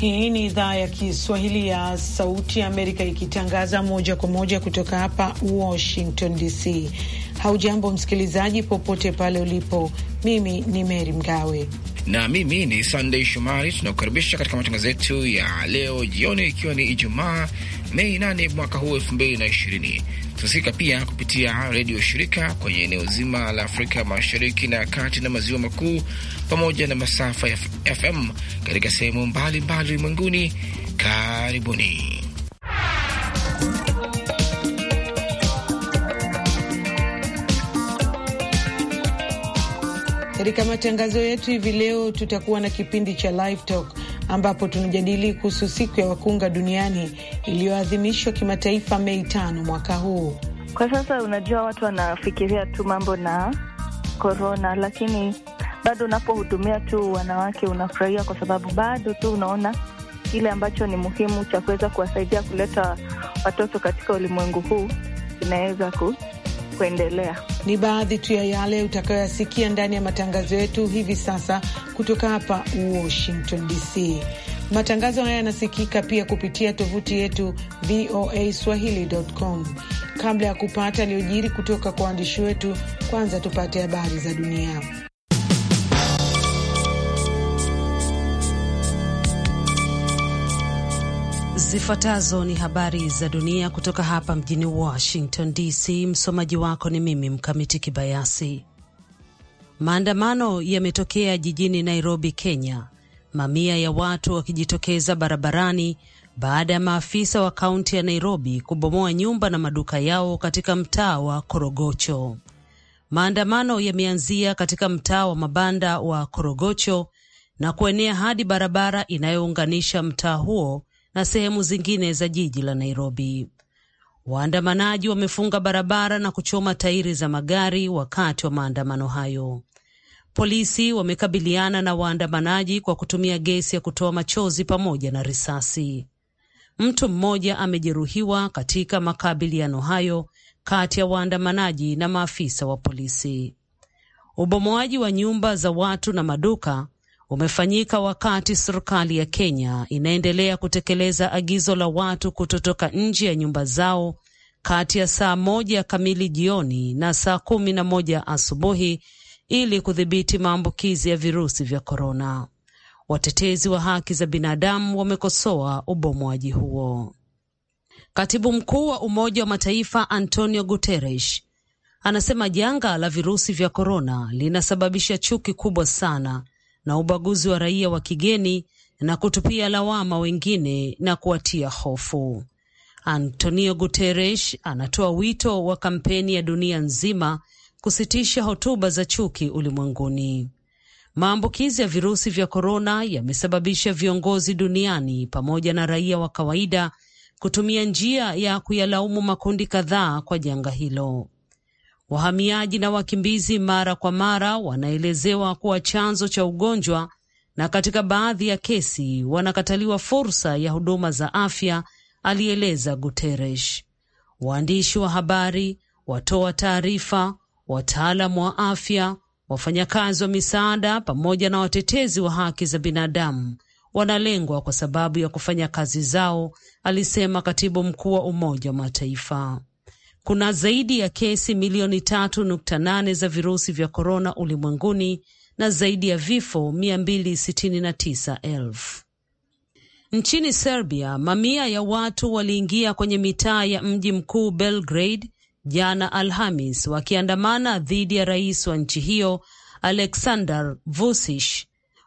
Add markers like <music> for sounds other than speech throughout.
Hii ni idhaa ya Kiswahili ya Sauti ya Amerika ikitangaza moja kwa moja kutoka hapa Washington DC. Haujambo msikilizaji, popote pale ulipo. Mimi ni mery Mgawe na mimi ni Sunday Shumari. Tunakukaribisha katika matangazo yetu ya leo jioni, ikiwa ni Ijumaa Mei 8 mwaka huu ishirini. Tunasikika pia kupitia redio shirika kwenye eneo zima la Afrika Mashariki na Kati na Maziwa Makuu, pamoja na masafa ya FM katika sehemu mbalimbali ulimwenguni. Karibuni. Katika matangazo yetu hivi leo, tutakuwa na kipindi cha Live Talk ambapo tunajadili kuhusu siku ya wakunga duniani iliyoadhimishwa kimataifa Mei tano mwaka huu. Kwa sasa, unajua watu wanafikiria tu mambo na korona, lakini bado unapohudumia tu wanawake unafurahia, kwa sababu bado tu unaona kile ambacho ni muhimu cha kuweza kuwasaidia kuleta watoto katika ulimwengu huu inaweza ku kuendelea. Ni baadhi tu ya yale utakayoyasikia ndani ya matangazo yetu hivi sasa kutoka hapa Washington DC. Matangazo haya yanasikika pia kupitia tovuti yetu VOA swahili.com. Kabla ya kupata yaliyojiri kutoka kwa waandishi wetu, kwanza tupate habari za dunia. Zifuatazo ni habari za dunia kutoka hapa mjini Washington DC. Msomaji wako ni mimi Mkamiti Kibayasi. Maandamano yametokea jijini Nairobi, Kenya, mamia ya watu wakijitokeza barabarani baada ya maafisa wa kaunti ya Nairobi kubomoa nyumba na maduka yao katika mtaa wa Korogocho. Maandamano yameanzia katika mtaa wa mabanda wa Korogocho na kuenea hadi barabara inayounganisha mtaa huo na sehemu zingine za jiji la Nairobi. Waandamanaji wamefunga barabara na kuchoma tairi za magari wakati wa maandamano hayo. Polisi wamekabiliana na waandamanaji kwa kutumia gesi ya kutoa machozi pamoja na risasi. Mtu mmoja amejeruhiwa katika makabiliano hayo kati ya waandamanaji na maafisa wa polisi. Ubomoaji wa nyumba za watu na maduka umefanyika wakati serikali ya Kenya inaendelea kutekeleza agizo la watu kutotoka nje ya nyumba zao kati ya saa moja kamili jioni na saa kumi na moja asubuhi ili kudhibiti maambukizi ya virusi vya korona. Watetezi wa haki za binadamu wamekosoa ubomwaji huo. Katibu mkuu wa Umoja wa Mataifa Antonio Guterres anasema janga la virusi vya korona linasababisha chuki kubwa sana na ubaguzi wa raia wa kigeni na kutupia lawama wengine na kuwatia hofu. Antonio Guterres anatoa wito wa kampeni ya dunia nzima kusitisha hotuba za chuki ulimwenguni. Maambukizi ya virusi vya korona yamesababisha viongozi duniani pamoja na raia wa kawaida kutumia njia ya kuyalaumu makundi kadhaa kwa janga hilo. Wahamiaji na wakimbizi mara kwa mara wanaelezewa kuwa chanzo cha ugonjwa, na katika baadhi ya kesi wanakataliwa fursa ya huduma za afya, alieleza Guterres. Waandishi wa habari, watoa taarifa, wataalam wa afya, wafanyakazi wa misaada, pamoja na watetezi wa haki za binadamu wanalengwa kwa sababu ya kufanya kazi zao, alisema katibu mkuu wa Umoja wa Mataifa kuna zaidi ya kesi milioni tatu nukta nane za virusi vya korona ulimwenguni na zaidi ya vifo mia mbili sitini na tisa elfu. Nchini Serbia, mamia ya watu waliingia kwenye mitaa ya mji mkuu Belgrade jana Alhamis, wakiandamana dhidi ya rais wa nchi hiyo Aleksandar vusish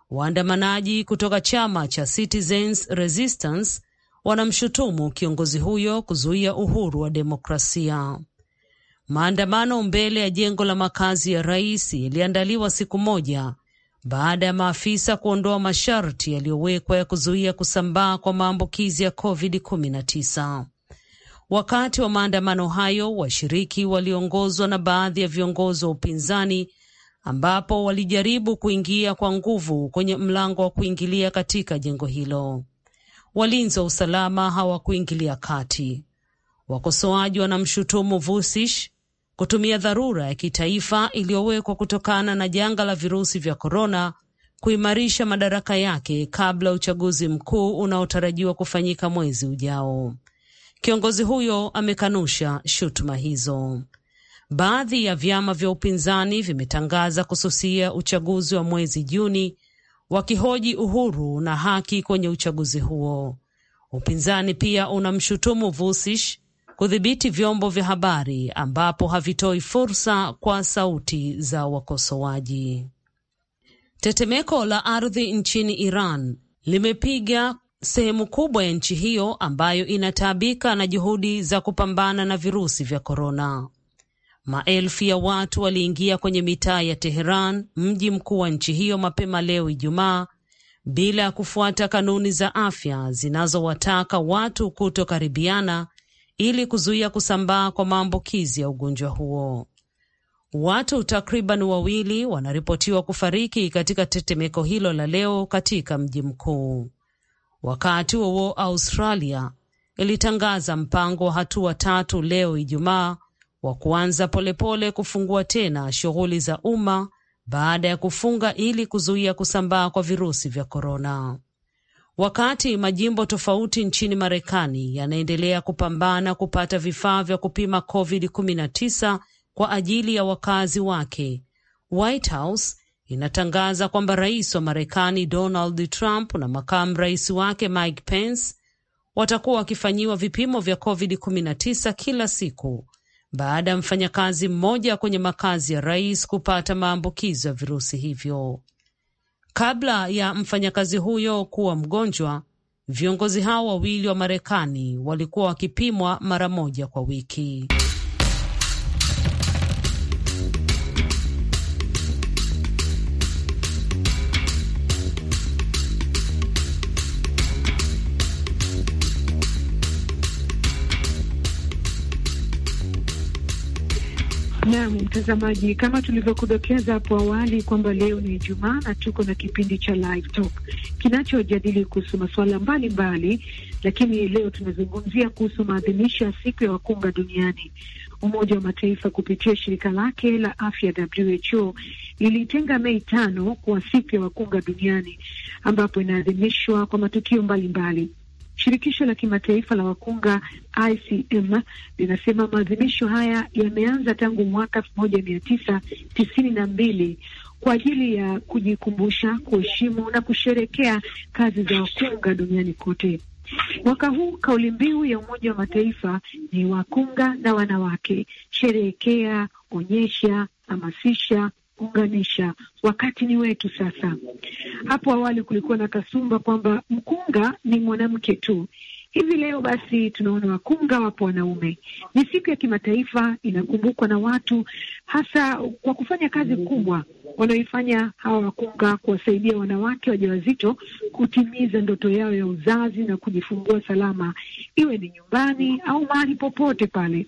Waandamanaji kutoka chama cha Citizens Resistance wanamshutumu kiongozi huyo kuzuia uhuru wa demokrasia. Maandamano mbele ya jengo la makazi ya rais yaliandaliwa siku moja baada ya maafisa kuondoa masharti yaliyowekwa ya kuzuia kusambaa kwa maambukizi ya COVID-19. Wakati wa maandamano hayo, washiriki waliongozwa na baadhi ya viongozi wa upinzani ambapo walijaribu kuingia kwa nguvu kwenye mlango wa kuingilia katika jengo hilo walinzi wa usalama hawakuingilia kati. Wakosoaji wanamshutumu Vusish kutumia dharura ya kitaifa iliyowekwa kutokana na janga la virusi vya korona kuimarisha madaraka yake kabla uchaguzi mkuu unaotarajiwa kufanyika mwezi ujao. Kiongozi huyo amekanusha shutuma hizo. Baadhi ya vyama vya upinzani vimetangaza kususia uchaguzi wa mwezi Juni wakihoji uhuru na haki kwenye uchaguzi huo. Upinzani pia unamshutumu Vusish kudhibiti vyombo vya habari ambapo havitoi fursa kwa sauti za wakosoaji. Tetemeko la ardhi nchini Iran limepiga sehemu kubwa ya nchi hiyo ambayo inataabika na juhudi za kupambana na virusi vya korona. Maelfu ya watu waliingia kwenye mitaa ya Teheran, mji mkuu wa nchi hiyo, mapema leo Ijumaa, bila ya kufuata kanuni za afya zinazowataka watu kutokaribiana ili kuzuia kusambaa kwa maambukizi ya ugonjwa huo. Watu takriban wawili wanaripotiwa kufariki katika tetemeko hilo la leo katika mji mkuu. Wakati huo Australia ilitangaza mpango wa hatua tatu leo Ijumaa wa kuanza polepole kufungua tena shughuli za umma baada ya kufunga ili kuzuia kusambaa kwa virusi vya korona. Wakati majimbo tofauti nchini Marekani yanaendelea kupambana kupata vifaa vya kupima COVID-19 kwa ajili ya wakazi wake, White House inatangaza kwamba rais wa Marekani Donald Trump na makamu rais wake Mike Pence watakuwa wakifanyiwa vipimo vya COVID-19 kila siku baada ya mfanyakazi mmoja kwenye makazi ya rais kupata maambukizo ya virusi hivyo. Kabla ya mfanyakazi huyo kuwa mgonjwa, viongozi hao wawili wa Marekani walikuwa wakipimwa mara moja kwa wiki. Naam, mtazamaji, kama tulivyokudokeza hapo awali kwamba leo ni Ijumaa na tuko na kipindi cha Live Talk kinachojadili kuhusu masuala mbalimbali, lakini leo tunazungumzia kuhusu maadhimisho ya siku ya wakunga duniani. Umoja wa Mataifa kupitia shirika lake la afya WHO ilitenga Mei tano kuwa siku ya wakunga duniani ambapo inaadhimishwa kwa matukio mbalimbali mbali. Shirikisho la kimataifa la wakunga ICM linasema maadhimisho haya yameanza tangu mwaka elfu moja mia tisa tisini na mbili kwa ajili ya kujikumbusha, kuheshimu na kusherekea kazi za wakunga duniani kote. Mwaka huu kauli mbiu ya Umoja wa Mataifa ni wakunga na wanawake: sherehekea, onyesha, hamasisha, kuunganisha. Wakati ni wetu sasa. Hapo awali kulikuwa na kasumba kwamba mkunga ni mwanamke tu. Hivi leo basi tunaona wakunga wapo wanaume. Ni siku ya kimataifa, inakumbukwa na watu hasa kwa kufanya kazi kubwa wanaoifanya hawa wakunga, kuwasaidia wanawake wajawazito kutimiza ndoto yao ya uzazi na kujifungua salama, iwe ni nyumbani au mahali popote pale.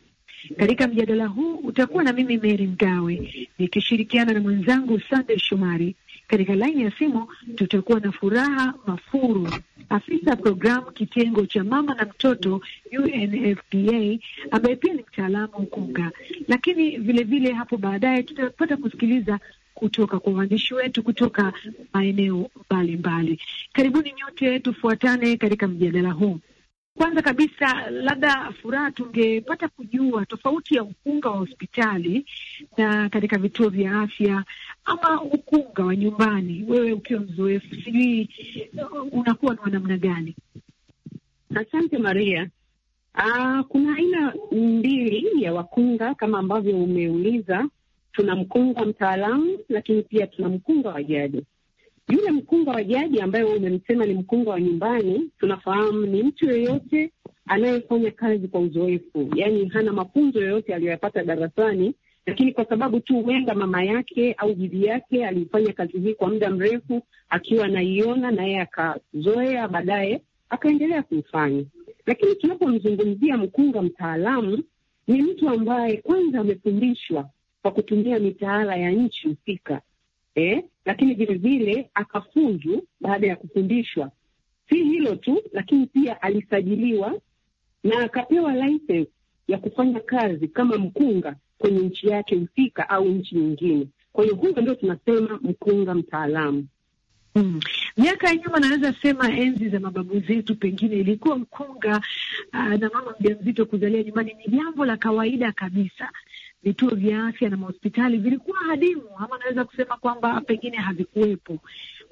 Katika mjadala huu utakuwa na mimi Meri Mgawe nikishirikiana na mwenzangu Sande Shomari. Katika laini ya simu tutakuwa na Furaha Mafuru, afisa programu kitengo cha mama na mtoto UNFPA, ambaye pia ni mtaalamu ukunga. Lakini vilevile vile hapo baadaye tutapata kusikiliza kutoka kwa waandishi wetu kutoka maeneo mbalimbali. Karibuni nyote, tufuatane katika mjadala huu. Kwanza kabisa, labda Furaha, tungepata kujua tofauti ya ukunga wa hospitali na katika vituo vya afya ama ukunga wa nyumbani. Wewe ukiwa mzoefu, sijui uh, unakuwa ni wa namna gani? Asante Maria. Aa, ah, kuna aina mbili ya wakunga kama ambavyo umeuliza. Tuna mkunga mtaalamu, lakini pia tuna mkunga wa jadi. Yule mkunga wa jadi ambaye umemsema ni mkunga wa nyumbani, tunafahamu ni mtu yeyote anayefanya kazi kwa uzoefu, yaani hana mafunzo yoyote aliyoyapata darasani, lakini kwa sababu tu huenda mama yake au bibi yake alifanya kazi hii kwa muda mrefu, akiwa anaiona na yeye akazoea, baadaye akaendelea kuifanya. Lakini tunapomzungumzia mkunga mtaalamu, ni mtu ambaye kwanza amefundishwa kwa kutumia mitaala ya nchi husika eh, lakini vilevile akafunzu baada ya kufundishwa. Si hilo tu, lakini pia alisajiliwa na akapewa license ya kufanya kazi kama mkunga kwenye nchi yake husika au nchi nyingine. Kwa hiyo huyo ndio tunasema mkunga mtaalamu. Hmm. Miaka ya nyuma naweza sema enzi za mababu zetu, pengine ilikuwa mkunga aa, ah, na mama mjamzito kuzalia nyumbani ni jambo la kawaida kabisa vituo vya afya na mahospitali vilikuwa hadimu, ama naweza kusema kwamba pengine havikuwepo.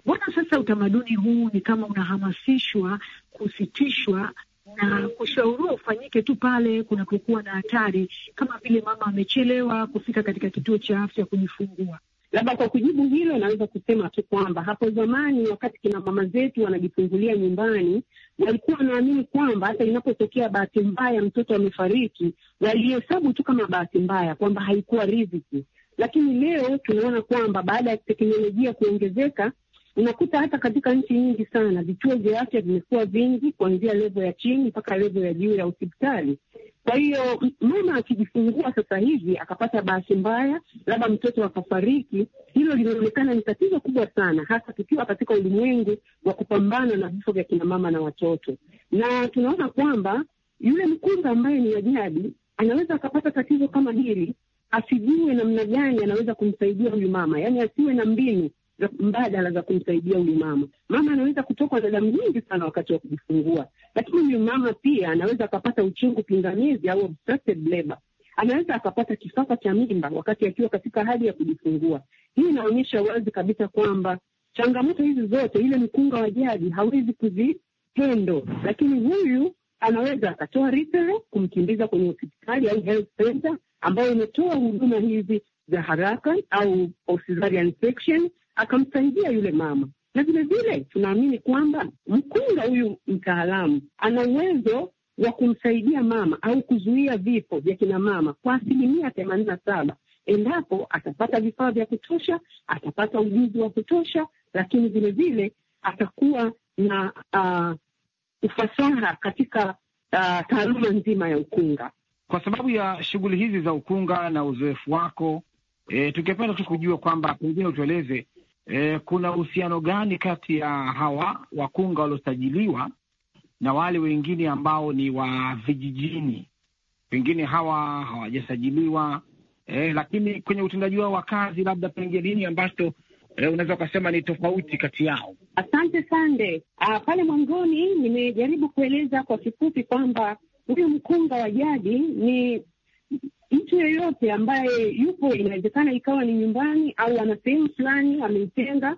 Mbona sasa utamaduni huu ni kama unahamasishwa kusitishwa na kushauriwa ufanyike tu pale kunapokuwa na hatari, kama vile mama amechelewa kufika katika kituo cha afya kujifungua. Labda kwa kujibu hilo, naweza kusema tu kwamba hapo zamani, wakati kina mama zetu wanajifungulia nyumbani, walikuwa wanaamini kwamba hata inapotokea bahati mbaya mtoto amefariki, walihesabu tu kama bahati mbaya, kwamba haikuwa riziki. Lakini leo tunaona kwamba baada ya teknolojia kuongezeka Unakuta hata katika nchi nyingi sana vituo vya afya vimekuwa vingi, kuanzia levo ya chini mpaka levo ya juu ya hospitali. Kwa hiyo mama akijifungua sasa hivi akapata bahati mbaya, labda mtoto akafariki, hilo linaonekana ni tatizo kubwa sana, hasa tukiwa katika ulimwengu wa kupambana na vifo vya kinamama na watoto, na tunaona kwamba yule mkunga ambaye ni ajadi anaweza akapata tatizo kama hili, asijue namna gani anaweza kumsaidia huyu mama, yaani asiwe na mbinu mbadala za kumsaidia huyu mama. Mama anaweza kutokwa na damu nyingi sana wakati wa kujifungua, lakini huyu mama pia anaweza akapata uchungu pingamizi au obstructed labor. Anaweza akapata kifafa cha mimba wakati akiwa katika hali ya kujifungua. Hii inaonyesha wazi kabisa kwamba changamoto hizi zote, ile mkunga wa jadi hawezi kuzitendo, lakini huyu anaweza akatoa referral kumkimbiza kwenye hospitali au health center ambayo imetoa huduma hizi za haraka au cesarean section akamsaidia yule mama na vile vile tunaamini kwamba mkunga huyu mtaalamu ana uwezo wa kumsaidia mama au kuzuia vifo vya kina mama kwa asilimia themanini na saba endapo atapata vifaa vya kutosha, atapata ujuzi wa kutosha, lakini vile vile atakuwa na uh, ufasaha katika uh, taaluma nzima ya ukunga. Kwa sababu ya shughuli hizi za ukunga na uzoefu wako, e, tungependa tu kujua kwamba pengine utueleze e, kuna uhusiano gani kati ya hawa wakunga waliosajiliwa na wale wengine ambao ni wa vijijini, pengine hawa hawajasajiliwa e, lakini kwenye utendaji wao wa kazi, labda pengine nini ambacho E, unaweza ukasema ni tofauti kati yao. Asante sande. Uh, pale mwanzoni nimejaribu kueleza kwa kifupi kwamba huyu mkunga wa jadi ni mtu yeyote ambaye yupo, inawezekana ikawa ni nyumbani au ana sehemu fulani ameitenga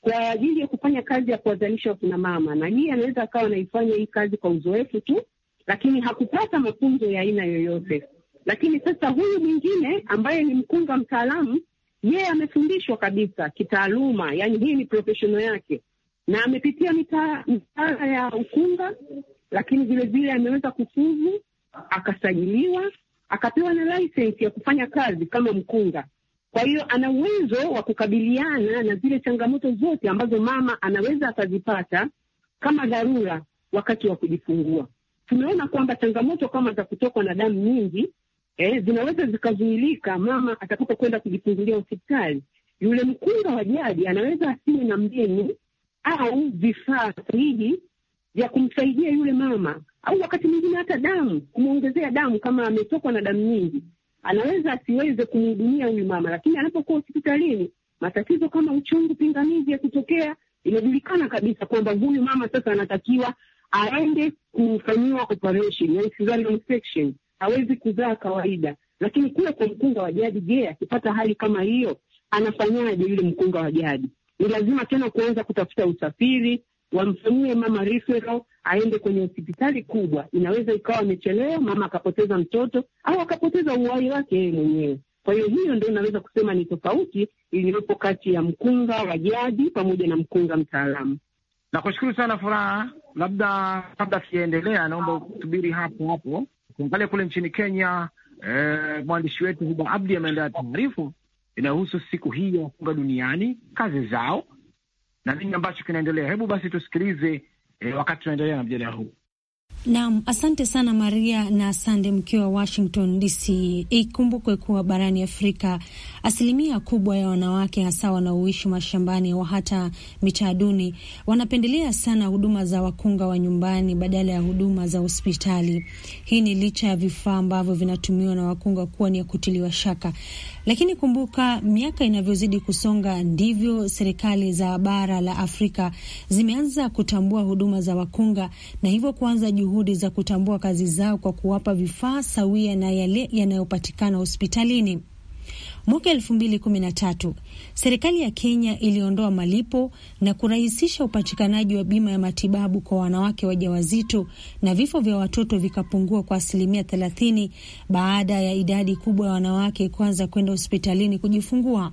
kwa ajili ya kufanya kazi ya kuwazalisha wakina mama, na hii anaweza akawa anaifanya hii kazi kwa uzoefu tu, lakini hakupata mafunzo ya aina yoyote. Lakini sasa huyu mwingine ambaye ni mkunga mtaalamu, yeye amefundishwa kabisa kitaaluma, yani hii ni profeshono yake, na amepitia mitaala ya ukunga, lakini vilevile ameweza kufuzu akasajiliwa akapewa na license ya kufanya kazi kama mkunga. Kwa hiyo ana uwezo wa kukabiliana na zile changamoto zote ambazo mama anaweza akazipata kama dharura wakati wa kujifungua. Tumeona kwamba changamoto kama za kutokwa na damu nyingi eh, zinaweza zikazuilika mama atakapokwenda kujifungulia hospitali. Yule mkunga wa jadi anaweza asiwe na mbinu au vifaa sahihi ya kumsaidia yule mama, au wakati mwingine hata damu, kumwongezea damu kama ametokwa na damu nyingi. Anaweza asiweze kumhudumia huyu mama, lakini anapokuwa hospitalini, matatizo kama uchungu pingamizi yakitokea, inajulikana kabisa kwamba huyu mama sasa anatakiwa aende kufanyiwa operation, cesarean section. Hawezi kuzaa kawaida. Lakini kule kwa mkunga wa jadi, je, akipata hali kama hiyo anafanyaje? Yule mkunga wa jadi ni lazima tena kuanza kutafuta usafiri wamfanyie mama referral aende kwenye hospitali kubwa. Inaweza ikawa amechelewa, mama akapoteza mtoto au akapoteza uhai wake yeye mwenyewe. Kwa hiyo hiyo ndio inaweza kusema ni tofauti iliyopo kati ya mkunga wa jadi pamoja na mkunga mtaalamu. Nakushukuru sana Furaha. Labda kabla tujaendelea, naomba usubiri hapo hapo, tuangalia kule nchini Kenya. Eh, mwandishi wetu Huba Abdi ameandaa taarifu inayohusu siku hii ya wakunga duniani, kazi zao na nini ambacho kinaendelea. Hebu basi tusikilize eh, wakati tunaendelea na mjadala huu. Naam, asante sana Maria na asante mkiwa Washington DC. Ikumbukwe kuwa barani Afrika asilimia kubwa ya wanawake hasa wanaoishi mashambani au hata mitaa duni wanapendelea sana huduma za wakunga wa nyumbani badala ya huduma za hospitali. Hii ni licha ya vifaa ambavyo vinatumiwa na wakunga kuwa ni ya kutiliwa shaka, lakini kumbuka, miaka inavyozidi kusonga ndivyo serikali za bara la Afrika zimeanza kutambua huduma za wakunga na hivyo kuanza juhudi juhudi za kutambua kazi zao kwa kuwapa vifaa sawia na yale yanayopatikana hospitalini. Mwaka elfu mbili kumi na tatu serikali ya Kenya iliondoa malipo na kurahisisha upatikanaji wa bima ya matibabu kwa wanawake wajawazito na vifo vya watoto vikapungua kwa asilimia thelathini baada ya idadi kubwa ya wanawake kuanza kwenda hospitalini kujifungua.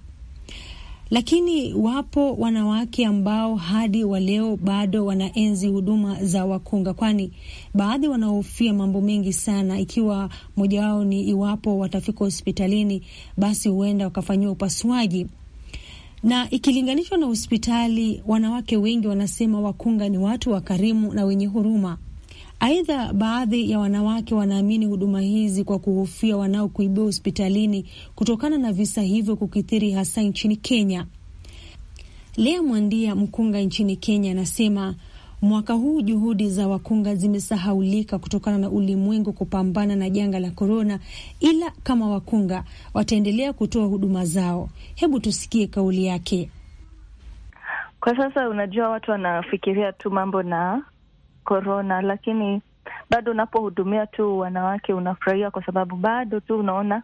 Lakini wapo wanawake ambao hadi wa leo bado wanaenzi huduma za wakunga, kwani baadhi wanahofia mambo mengi sana, ikiwa moja wao ni iwapo watafika hospitalini, basi huenda wakafanyiwa upasuaji na ikilinganishwa na hospitali, wanawake wengi wanasema wakunga ni watu wakarimu na wenye huruma. Aidha, baadhi ya wanawake wanaamini huduma hizi kwa kuhofia wanaokuibia hospitalini kutokana na visa hivyo kukithiri hasa nchini Kenya. Lea Mwandia, mkunga nchini Kenya, anasema mwaka huu juhudi za wakunga zimesahaulika kutokana na ulimwengu kupambana na janga la korona, ila kama wakunga wataendelea kutoa huduma zao. Hebu tusikie kauli yake. Kwa sasa, unajua watu wanafikiria tu mambo na korona, lakini bado unapohudumia tu wanawake unafurahia kwa sababu bado tu unaona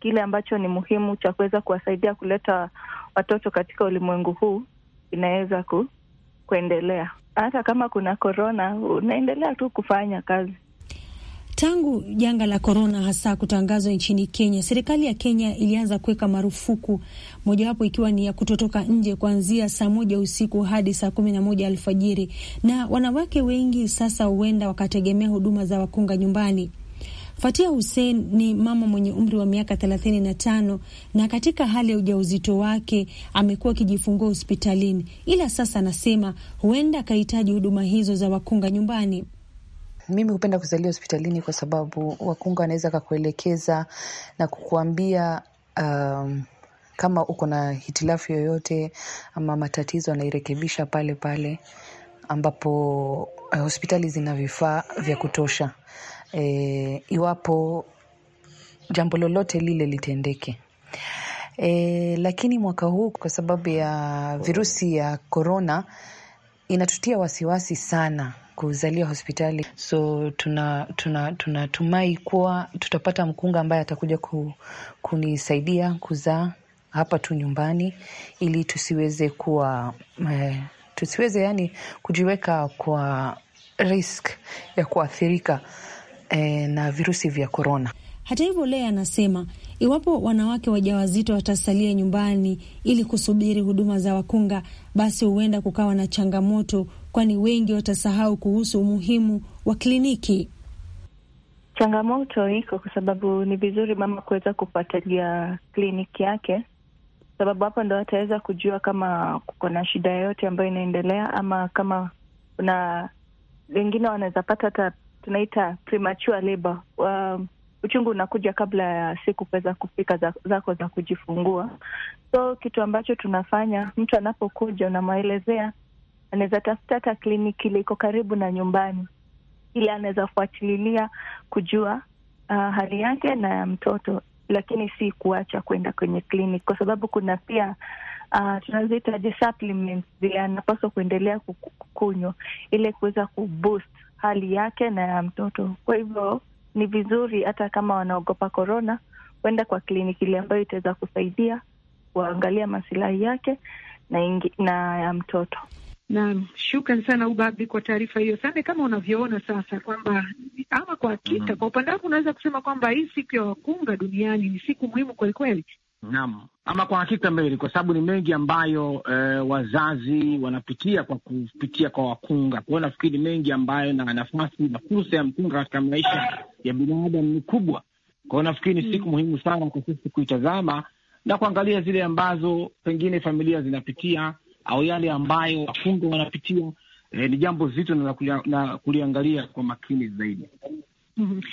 kile ambacho ni muhimu cha kuweza kuwasaidia kuleta watoto katika ulimwengu huu inaweza ku, kuendelea hata kama kuna korona, unaendelea tu kufanya kazi tangu janga la korona hasa kutangazwa nchini Kenya, serikali ya Kenya ilianza kuweka marufuku, mojawapo ikiwa ni ya kutotoka nje kuanzia saa moja usiku hadi saa kumi na moja alfajiri, na wanawake wengi sasa huenda wakategemea huduma za wakunga nyumbani. Fatia Hussein ni mama mwenye umri wa miaka thelathini na tano na katika hali ya ujauzito wake amekuwa akijifungua hospitalini, ila sasa anasema huenda akahitaji huduma hizo za wakunga nyumbani. Mimi hupenda kuzalia hospitalini kwa sababu wakunga wanaweza kakuelekeza na kukuambia um, kama uko na hitilafu yoyote ama matatizo anairekebisha pale pale ambapo eh, hospitali zina vifaa vya kutosha. Eh, iwapo jambo lolote lile litendeke. Eh, lakini mwaka huu kwa sababu ya virusi ya korona inatutia wasiwasi sana kuzalia hospitali. So tunatumai tuna, tuna, kuwa tutapata mkunga ambaye atakuja ku, kunisaidia kuzaa hapa tu nyumbani ili tusiweze kuwa eh, tusiweze yani kujiweka kwa risk ya kuathirika eh, na virusi vya korona. Hata hivyo, Lea anasema iwapo wanawake wajawazito watasalia nyumbani ili kusubiri huduma za wakunga, basi huenda kukawa na changamoto kwani wengi watasahau kuhusu umuhimu wa kliniki. Changamoto iko kwa sababu ni vizuri mama kuweza kufuatilia kliniki yake, sababu hapo ndo ataweza kujua kama kuko na shida yoyote ambayo inaendelea, ama kama kuna wengine wanaweza pata hata tunaita premature labor. Um, uchungu unakuja kabla ya siku kuweza kufika zako za kujifungua. So kitu ambacho tunafanya mtu anapokuja unamwelezea anaweza tafuta hata kliniki ile iko karibu na nyumbani, ili anaweza fuatililia kujua uh, hali yake na ya mtoto, lakini si kuacha kwenda kwenye kliniki, kwa sababu kuna pia uh, ah, tunazohitaji supplements zile anapaswa kuendelea kukunywa ili kuweza kuboost hali yake na ya mtoto. Kwa hivyo ni vizuri hata kama wanaogopa korona, kuenda kwa kliniki ile ambayo itaweza kusaidia kuangalia masilahi yake na ya na mtoto. Naam, shukran sana Ubabi kwa taarifa hiyo. Sande, kama unavyoona sasa kwamba ama kwa hakika mm. kwa upande wako unaweza kusema kwamba hii siku ya wakunga duniani ni siku muhimu kwelikweli. Naam, ama kwa hakika Meri, kwa sababu ni mengi ambayo e, wazazi wanapitia kwa kupitia kwa wakunga. Kwa hiyo nafikiri mengi ambayo na nafasi na fursa ya mkunga katika maisha ya binadamu ni kubwa. Kwa hiyo nafikiri ni siku mm. muhimu sana kwa sisi kuitazama na kuangalia zile ambazo pengine familia zinapitia au yale ambayo wafungwa wanapitia eh, ni jambo zito na, kulia, na kuliangalia kwa makini zaidi. mm -hmm.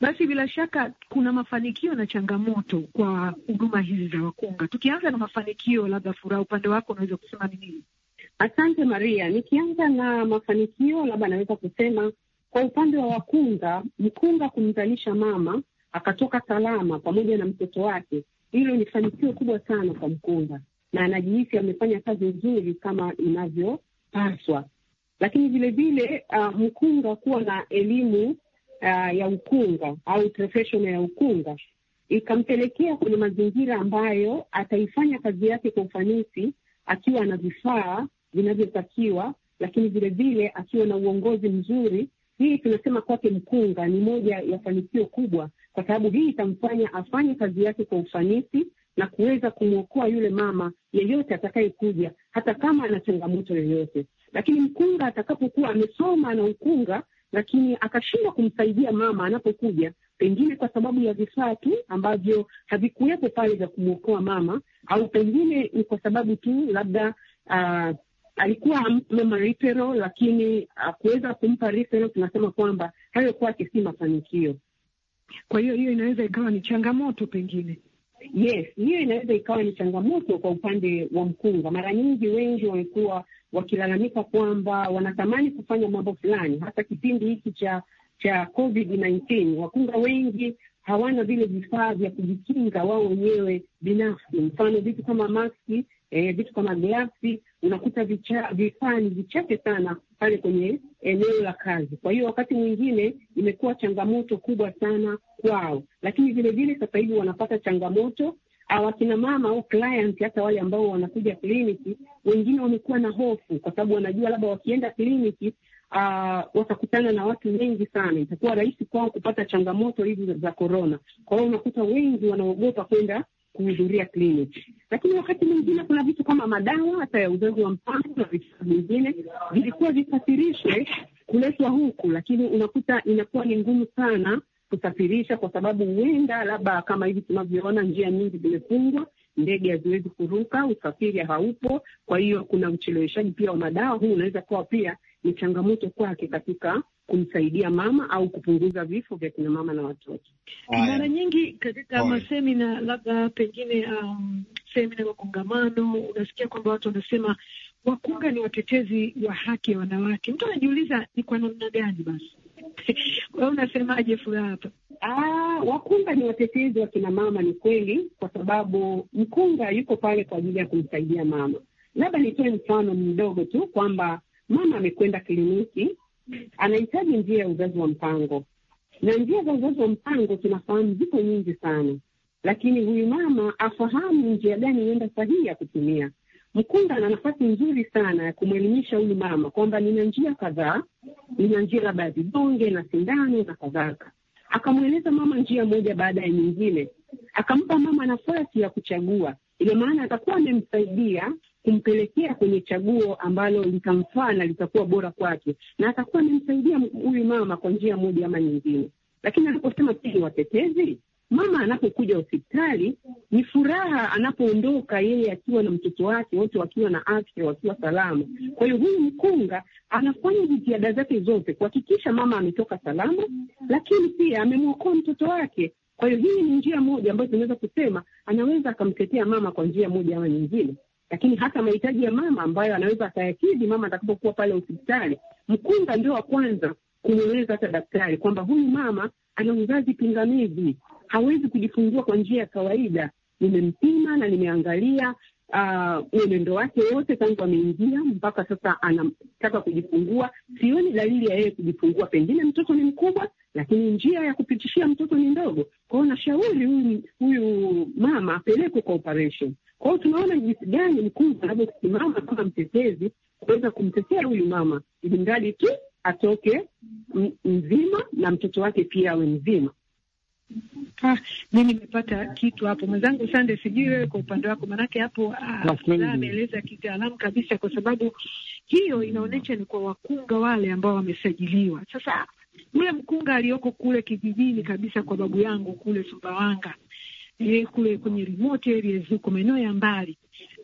Basi bila shaka kuna mafanikio na changamoto kwa huduma hizi za wakunga. Tukianza na mafanikio, labda Furaha, upande wako unaweza kusema ni nini? Asante Maria. Nikianza na mafanikio, labda naweza kusema kwa upande wa wakunga, mkunga kumzalisha mama akatoka salama pamoja na mtoto wake, hilo ni fanikio kubwa sana kwa mkunga na anajihisi amefanya kazi nzuri kama inavyopaswa. Lakini vilevile uh, mkunga kuwa na elimu uh, ya ukunga au professional ya ukunga ikampelekea kwenye mazingira ambayo ataifanya kazi yake kwa ufanisi akiwa na vifaa vinavyotakiwa, lakini vilevile akiwa na uongozi mzuri. Hii tunasema kwake mkunga ni moja ya fanikio kubwa, kwa sababu hii itamfanya afanye kazi yake kwa ufanisi na kuweza kumwokoa yule mama yeyote atakayekuja, hata kama ana changamoto yoyote. Lakini mkunga atakapokuwa amesoma na ukunga, lakini akashindwa kumsaidia mama anapokuja, pengine kwa sababu ya vifaa tu ambavyo havikuwepo pale vya kumwokoa mama, au pengine ni kwa sababu tu labda uh, alikuwa amama refero lakini kuweza kumpa refero, tunasema kwamba hayo kwake si mafanikio. Kwa hiyo hiyo inaweza ikawa ni changamoto pengine Yes, hiyo inaweza ikawa ni changamoto kwa upande wa mkunga. Mara nyingi wengi wamekuwa wakilalamika kwamba wanatamani kufanya mambo fulani, hasa kipindi hiki cha cha COVID-19 wakunga wengi hawana vile vifaa vya kujikinga wao wenyewe binafsi, mfano vitu kama maski, eh, vitu kama glasi, unakuta vifaa ni vichache sana pale kwenye eneo la kazi. Kwa hiyo wakati mwingine imekuwa changamoto kubwa sana kwao, lakini vilevile sasa hivi wanapata changamoto ah, wakina mama au client, hata wale ambao wanakuja kliniki, wengine wamekuwa na hofu, kwa sababu wanajua labda wakienda kliniki uh, ah, watakutana na watu wengi sana, itakuwa rahisi kwao kupata changamoto hizi za korona. Kwa hiyo unakuta wengi wanaogopa kwenda kuhudhuria kliniki. Lakini wakati mwingine kuna vitu kama madawa hata ya uzazi wa mpango na vitu vingine vilikuwa visafirishwe kuletwa huku, lakini unakuta inakuwa ni ngumu sana kusafirisha, kwa sababu huenda labda kama hivi tunavyoona, njia nyingi zimefungwa, ndege haziwezi kuruka, usafiri haupo. Kwa hiyo kuna ucheleweshaji pia wa madawa, huu unaweza kuwa pia ni changamoto kwake katika kumsaidia mama au kupunguza vifo vya kina mama na watoto. Mara nyingi katika masemina, labda pengine, um, semina ya kongamano, unasikia kwamba watu wanasema wakunga ni watetezi wa haki ya wanawake. Mtu anajiuliza ni kwa namna gani? Basi <laughs> wewe unasemaje, Furaha? Hapa ah, wakunga ni watetezi wa kina mama, ni kweli, kwa sababu mkunga yuko pale kwa ajili ya kumsaidia mama. Labda nitoe mfano mdogo tu kwamba mama amekwenda kliniki, anahitaji njia ya uzazi wa mpango, na njia za uzazi wa mpango tunafahamu ziko nyingi sana, lakini huyu mama afahamu njia gani huenda sahihi ya kutumia. Mkunda ana nafasi nzuri sana ya kumwelimisha huyu mama kwamba nina njia kadhaa, nina njia labda ya vidonge na sindano na kadhalika, akamweleza mama njia moja baada ya nyingine, akampa mama nafasi ya kuchagua. Ina maana atakuwa amemsaidia kumpelekea kwenye chaguo ambalo litamfaa na litakuwa bora kwake, na atakuwa amemsaidia huyu mama kwa njia moja ama nyingine. Lakini anaposema pia ni watetezi mama anapokuja hospitali ni furaha, anapoondoka yeye akiwa na mtoto wake, wote wakiwa na afya, wakiwa salama. Kwa hiyo huyu mkunga anafanya jitihada zake zote kuhakikisha mama ametoka salama, lakini pia amemwokoa mtoto wake. Kwa hiyo hii ni njia moja ambayo tunaweza kusema anaweza akamtetea mama kwa njia moja ama nyingine lakini hata mahitaji ya mama ambayo anaweza akayakidhi mama atakapokuwa pale hospitali. Mkunga ndio wa kwanza kumweleza hata daktari kwamba huyu mama ana uzazi pingamizi, hawezi kujifungua kwa njia ya kawaida. Nimempima na nimeangalia uh, mwenendo uh, wake wote tangu ameingia mpaka sasa anataka kujifungua. Sioni dalili ya yeye kujifungua, pengine mtoto ni mkubwa, lakini njia ya kupitishia mtoto ni ndogo. Kwao nashauri huyu huyu mama apelekwe kwa operation. Kwa tunaona jinsi gani mkuu anavyosimama kama mtetezi kuweza kumtetea huyu mama, ili mradi tu atoke mzima na mtoto wake pia awe mzima. Ah, mi nimepata kitu hapo mwenzangu Sande, sijui wewe kwa upande wako, maanake hapo ah, ameeleza kitaalamu kabisa, kwa sababu hiyo inaonyesha ni kwa wakunga wale ambao wamesajiliwa. Sasa yule mkunga aliyoko kule kijijini kabisa kwa babu yangu kule Sumbawanga ye eh, kule kwenye remote areas huko maeneo ya mbali,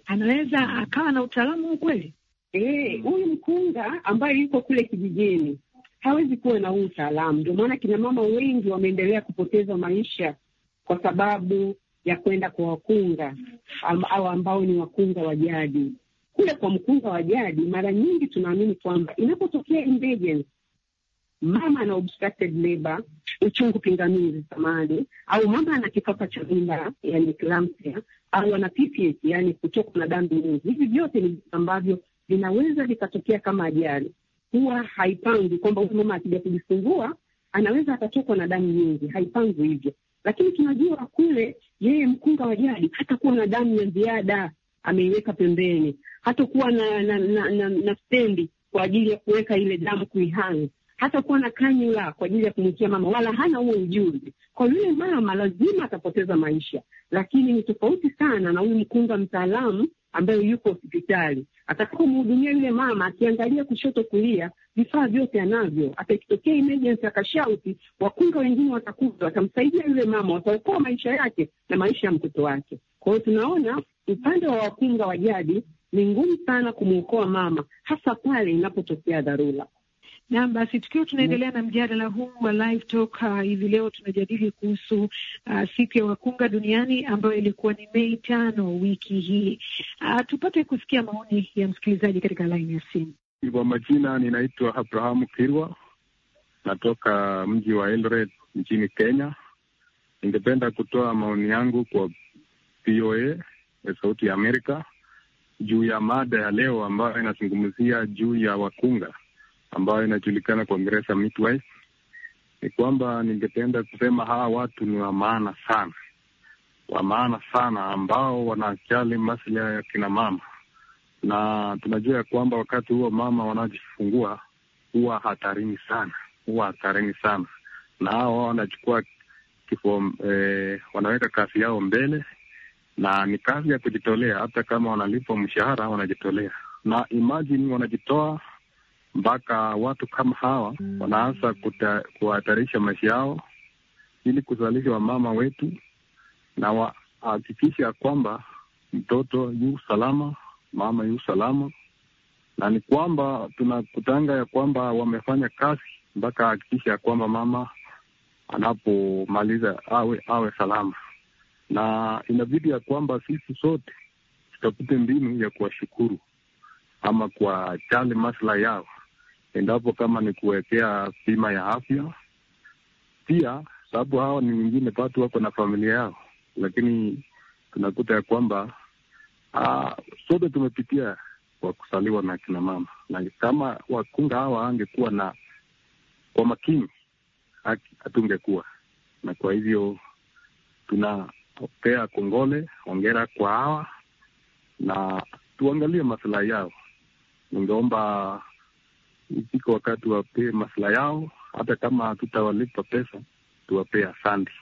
anaweza akawa na utaalamu kweli eh, Huyu e, mkunga ambaye yuko kule kijijini hawezi kuwa na huu utaalamu. Ndio maana kina mama wengi wameendelea kupoteza maisha kwa sababu ya kwenda kwa wakunga au ambao ni wakunga wa jadi. Kule kwa mkunga wa jadi, mara nyingi tunaamini kwamba inapotokea emergency mama ana obstructed labor, uchungu pingamizi samani, au mama ana kifafa cha mimba, yani eclampsia, au ana PPH, yani kutokwa na damu nyingi. Hivi vyote ni vitu ambavyo vinaweza vikatokea kama ajali. Huwa haipangwi kwamba huyu mama akija kujifungua anaweza akatokwa na damu nyingi, haipangwi hivyo, lakini tunajua kule, yeye mkunga wa jadi hata kuwa na damu ya ziada ameiweka pembeni, hata kuwa na na, na, na, na stendi kwa ajili ya kuweka ile damu kuihangi hata kuwa na kanyula kwa ajili ya kumwikia mama, wala hana huo ujuzi. Kwa yule mama lazima atapoteza maisha, lakini ni tofauti sana na huyu mkunga mtaalamu ambaye yuko hospitali atakaomhudumia yule mama, akiangalia kushoto kulia, vifaa vyote anavyo. Atakitokea emergency akashauti, wakunga wengine watakuja, watamsaidia yule mama, wataokoa maisha yake na maisha ya mtoto wake. Kwa hiyo tunaona upande wa wakunga wa jadi ni ngumu sana kumwokoa mama, hasa pale inapotokea dharura. Naam, basi tukiwa tunaendelea na mjadala huu wa live talk uh, hivi leo tunajadili kuhusu uh, siku ya wakunga duniani ambayo ilikuwa ni Mei tano wiki hii. Uh, tupate kusikia maoni ya msikilizaji katika laini ya simu. Kwa majina ninaitwa Abrahamu Kirwa, natoka mji wa Eldoret nchini Kenya. Ningependa kutoa maoni yangu kwa VOA ya Sauti ya Amerika juu ya mada ya leo ambayo inazungumzia juu ya wakunga ambayo inajulikana kwa Kiingereza midwife, ni kwamba ningependa kusema hawa watu ni wa maana sana, wa maana sana, ambao wanajali maslahi ya kina mama, na tunajua ya kwamba wakati huo mama wanajifungua huwa hatarini sana, huwa hatarini sana, na hao wanachukua kifo, eh, wanaweka kazi yao mbele na ni kazi ya kujitolea. Hata kama wanalipwa mshahara, wanajitolea na imagine, wanajitoa mpaka watu kama hawa wanaanza kuhatarisha maisha yao ili kuzalisha wamama wetu, na wahakikisha ya kwamba mtoto yu salama, mama yu salama, na ni kwamba tunakutanga ya kwamba wamefanya kazi mpaka ahakikisha ya kwamba mama anapomaliza awe awe salama, na inabidi ya kwamba sisi sote tutafute mbinu ya kuwashukuru ama kwa jali maslahi yao endapo kama ni kuwekea bima ya afya pia, sababu hawa ni wengine watu wako na familia yao, lakini tunakuta ya kwamba ah, sote tumepitia kwa kusaliwa na kina mama, na kama wakunga hawa angekuwa na kwa makini hatungekuwa na. Kwa hivyo tunapea kongole, hongera kwa hawa na tuangalie masilahi yao. Ningeomba ifika wakati wapee masla yao, hata kama hatutawalipa pesa, tuwapee asante.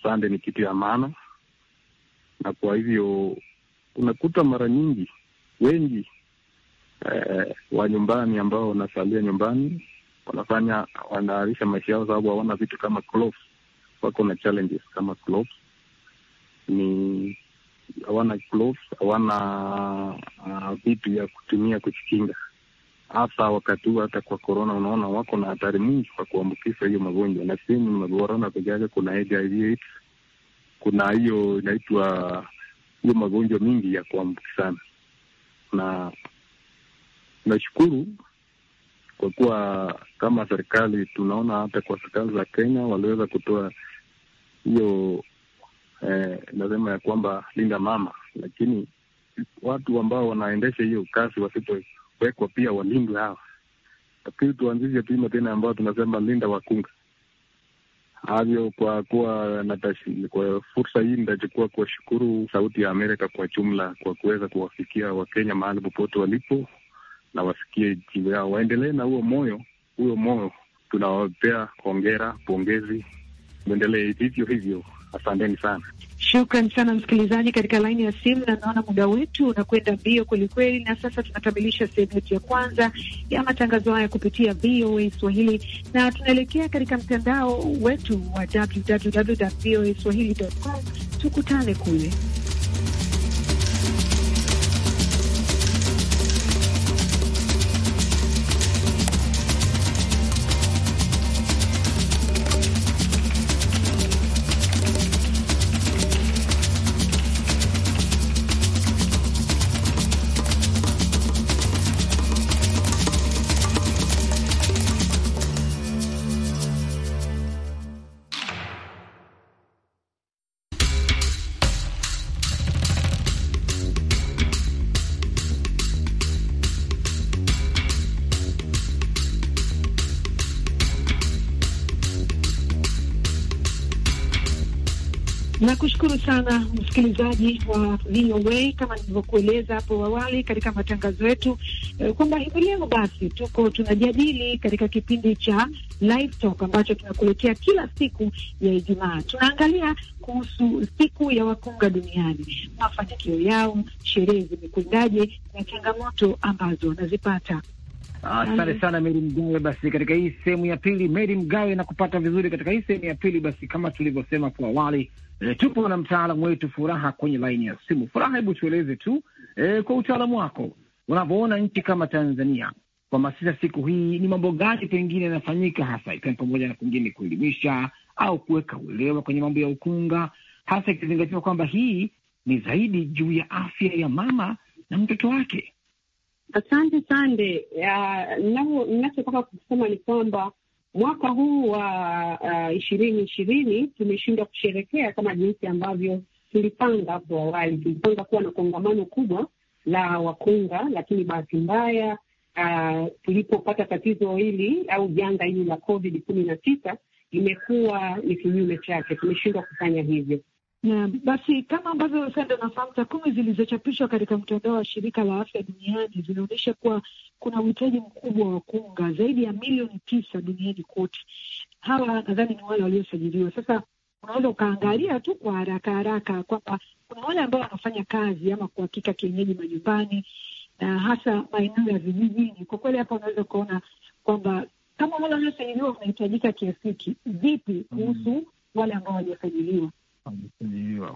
Asante ni kitu ya maana, na kwa hivyo unakuta mara nyingi wengi eh, wa nyumbani ambao wanasalia nyumbani wanafanya wanaarisha maisha yao, sababu hawana vitu kama gloves. Wako na challenges kama gloves, ni hawana gloves, hawana uh, vitu ya kutumia kujikinga hasa wakati huu hata kwa korona, unaona wako na hatari mingi kwa kuambukiza hiyo magonjwa, lakini makorona peke yake, kuna HIV, kuna hiyo inaitwa hiyo magonjwa mingi ya kuambukizana, na nashukuru kwa kuwa kama serikali tunaona hata kwa serikali za Kenya waliweza kutoa hiyo eh, nasema ya kwamba linda mama, lakini watu ambao wanaendesha hiyo kazi wasipo wekwa pia walindwe hawa. Lakini tuanzishe pima tena ambayo tunasema linda wakunga havyo. Kwa kuwa kwa fursa hii nitachukua kuwashukuru Sauti ya Amerika kwa jumla kwa kuweza kuwafikia Wakenya mahali popote walipo na wasikie jiwe yao, waendelee na huo moyo huyo moyo. Tunawapea hongera, pongezi, mwendelee vivyo hivyo Asanteni sana. Shukran sana msikilizaji katika laini ya simu, na naona muda wetu unakwenda mbio kwelikweli. Na sasa tunakamilisha sehemu yetu ya kwanza ya matangazo haya kupitia VOA Swahili, na tunaelekea katika mtandao wetu wa www.voaswahili.com. Tukutane kule. Nakushukuru sana msikilizaji wa VOA. Kama nilivyokueleza hapo awali katika matangazo yetu e, kwamba hivi leo basi tuko tunajadili katika kipindi cha Live Talk ambacho tunakuletea kila siku ya Ijumaa. Tunaangalia kuhusu siku ya wakunga duniani, mafanikio yao, sherehe zimekwendaje na changamoto ambazo wanazipata. Asante sana Meri Mgawe. Basi katika hii sehemu ya pili, Meri Mgawe na kupata vizuri katika hii sehemu ya pili, basi kama tulivyosema kwa awali E, tupo na mtaalamu wetu Furaha kwenye laini ya simu. Furaha, hebu tueleze tu e, kwa utaalamu wako unavyoona nchi kama Tanzania kwa masisa siku hii ni mambo gani pengine yanafanyika hasa, ikiwa ni pamoja na pengine kuelimisha au kuweka uelewa kwenye mambo ya ukunga, hasa ikizingatiwa kwamba hii ni zaidi juu ya afya ya mama na mtoto wake. Asante sande. Ah, Ninachotaka kusema ni kwamba Mwaka huu wa uh, ishirini uh, ishirini tumeshindwa kusherekea kama jinsi ambavyo tulipanga hapo awali. Tulipanga kuwa na kongamano kubwa la wakunga, lakini bahati mbaya uh, tulipopata tatizo hili au janga hili la COVID kumi na tisa imekuwa ni kinyume chake, tumeshindwa kufanya hivyo. Yeah, basi kama ambavyo Sande nafahamu, takwimu zilizochapishwa katika mtandao wa shirika la afya duniani zinaonyesha kuwa kuna uhitaji mkubwa wa kunga zaidi ya milioni tisa duniani kote. Hawa nadhani ni wale waliosajiliwa. Sasa unaweza ukaangalia tu kwa haraka haraka kwamba kuna wale ambao wanafanya kazi ama kuhakika kienyeji majumbani na hasa maeneo ya vijijini. Kwa kweli, hapa unaweza ukaona kwamba kama wale waliosajiliwa wanahitajika kiasi hiki, vipi kuhusu mm. wale ambao wajasajiliwa?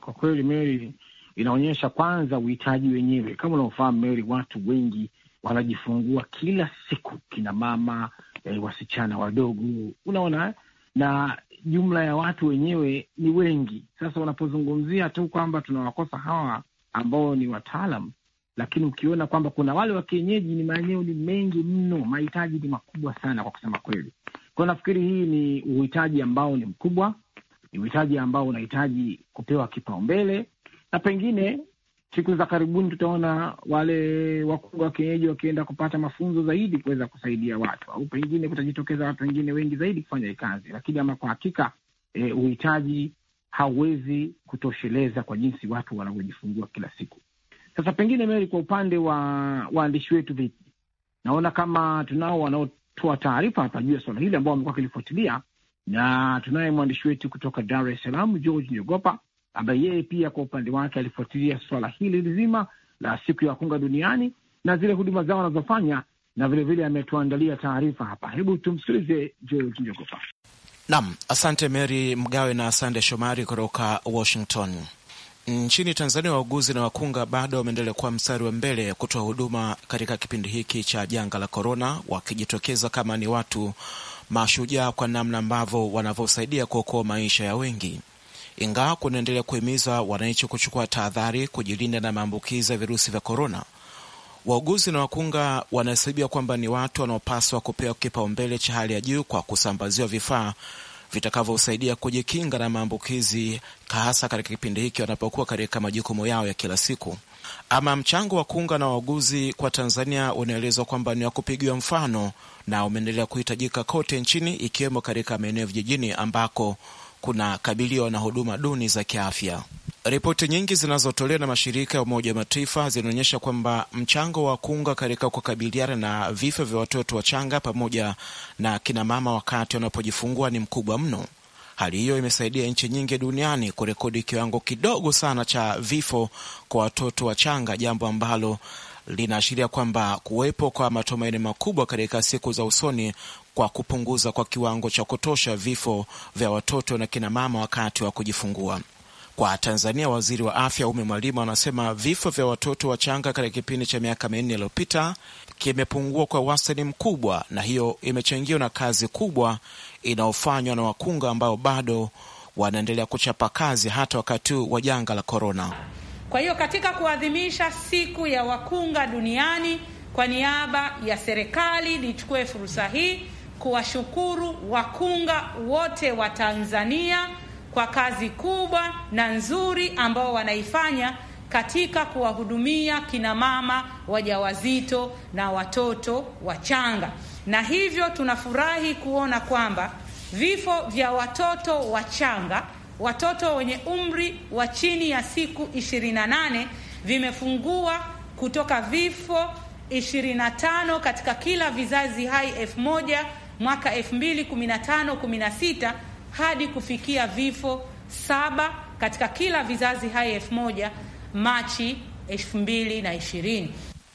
Kwa kweli, meli inaonyesha kwanza uhitaji wenyewe. Kama unavyofahamu meli, watu wengi wanajifungua kila siku, kina mama eh, wasichana wadogo, unaona na jumla ya watu wenyewe ni wengi. Sasa unapozungumzia tu kwamba tunawakosa hawa ambao ni wataalam, lakini ukiona kwamba kuna wale wa kienyeji, ni maeneo ni mengi mno, mahitaji ni makubwa sana, kwa kusema kweli. Kwa nafikiri hii ni uhitaji ambao ni mkubwa, ni uhitaji ambao unahitaji kupewa kipaumbele, na pengine siku za karibuni tutaona wale wakuu wa kienyeji wakienda kupata mafunzo zaidi kuweza kusaidia watu, au pengine kutajitokeza watu wengine wengi zaidi kufanya hii kazi. Lakini ama kwa hakika eh, uhitaji hauwezi kutosheleza kwa jinsi watu wanavyojifungua kila siku. Sasa pengine Meri, kwa upande wa waandishi wetu vipi? Naona kama tunao wanaotoa taarifa hapa juu ya swala hili ambao wamekuwa wakilifuatilia na tunaye mwandishi wetu kutoka Dar es Salaam, George Nyogopa, ambaye yeye pia kwa upande wake alifuatilia swala hili lizima la siku ya wakunga duniani na zile huduma zao wanazofanya na vilevile ametuandalia taarifa hapa. Hebu tumsikilize George Nyogopa. Naam, asante Mary Mgawe na asante Shomari kutoka Washington. Nchini Tanzania, wauguzi na wakunga bado wameendelea kuwa mstari wa mbele kutoa huduma katika kipindi hiki cha janga la korona, wakijitokeza kama ni watu mashujaa kwa namna ambavyo wanavyosaidia kuokoa maisha ya wengi. Ingawa kunaendelea kuhimiza wananchi kuchukua tahadhari kujilinda na maambukizi ya virusi vya korona, wauguzi na wakunga wanahesabia kwamba ni watu wanaopaswa kupewa kipaumbele cha hali ya juu kwa kusambaziwa vifaa vitakavyosaidia kujikinga na maambukizi, hasa katika kipindi hiki wanapokuwa katika majukumu yao ya kila siku. Ama mchango wa kunga na wauguzi kwa Tanzania unaelezwa kwamba ni wa kupigiwa mfano na umeendelea kuhitajika kote nchini, ikiwemo katika maeneo vijijini ambako kuna kabiliwa na huduma duni za kiafya. Ripoti nyingi zinazotolewa na mashirika ya Umoja wa Mataifa zinaonyesha kwamba mchango wa kunga katika kukabiliana na vifo vya watoto wachanga pamoja na kinamama wakati wanapojifungua ni mkubwa mno. Hali hiyo imesaidia nchi nyingi duniani kurekodi kiwango kidogo sana cha vifo kwa watoto wachanga, jambo ambalo linaashiria kwamba kuwepo kwa matumaini makubwa katika siku za usoni kwa kupunguza kwa kiwango cha kutosha vifo vya watoto na kinamama wakati wa kujifungua. Kwa Tanzania, waziri wa afya ume Mwalimu anasema vifo vya watoto wachanga katika kipindi cha miaka minne iliyopita kimepungua kwa wastani mkubwa, na hiyo imechangiwa na kazi kubwa inayofanywa na wakunga ambao bado wanaendelea kuchapa kazi hata wakati wa janga la korona. Kwa hiyo katika kuadhimisha siku ya wakunga duniani, kwa niaba ya serikali nichukue fursa hii kuwashukuru wakunga wote wa Tanzania kwa kazi kubwa na nzuri ambao wanaifanya katika kuwahudumia kinamama wajawazito na watoto wachanga na hivyo tunafurahi kuona kwamba vifo vya watoto wachanga, watoto wenye umri wa chini ya siku 28 vimefungua kutoka vifo 25 katika kila vizazi hai 1 mwaka 2015 16 hadi kufikia vifo saba katika kila vizazi hai 1 Machi 2020.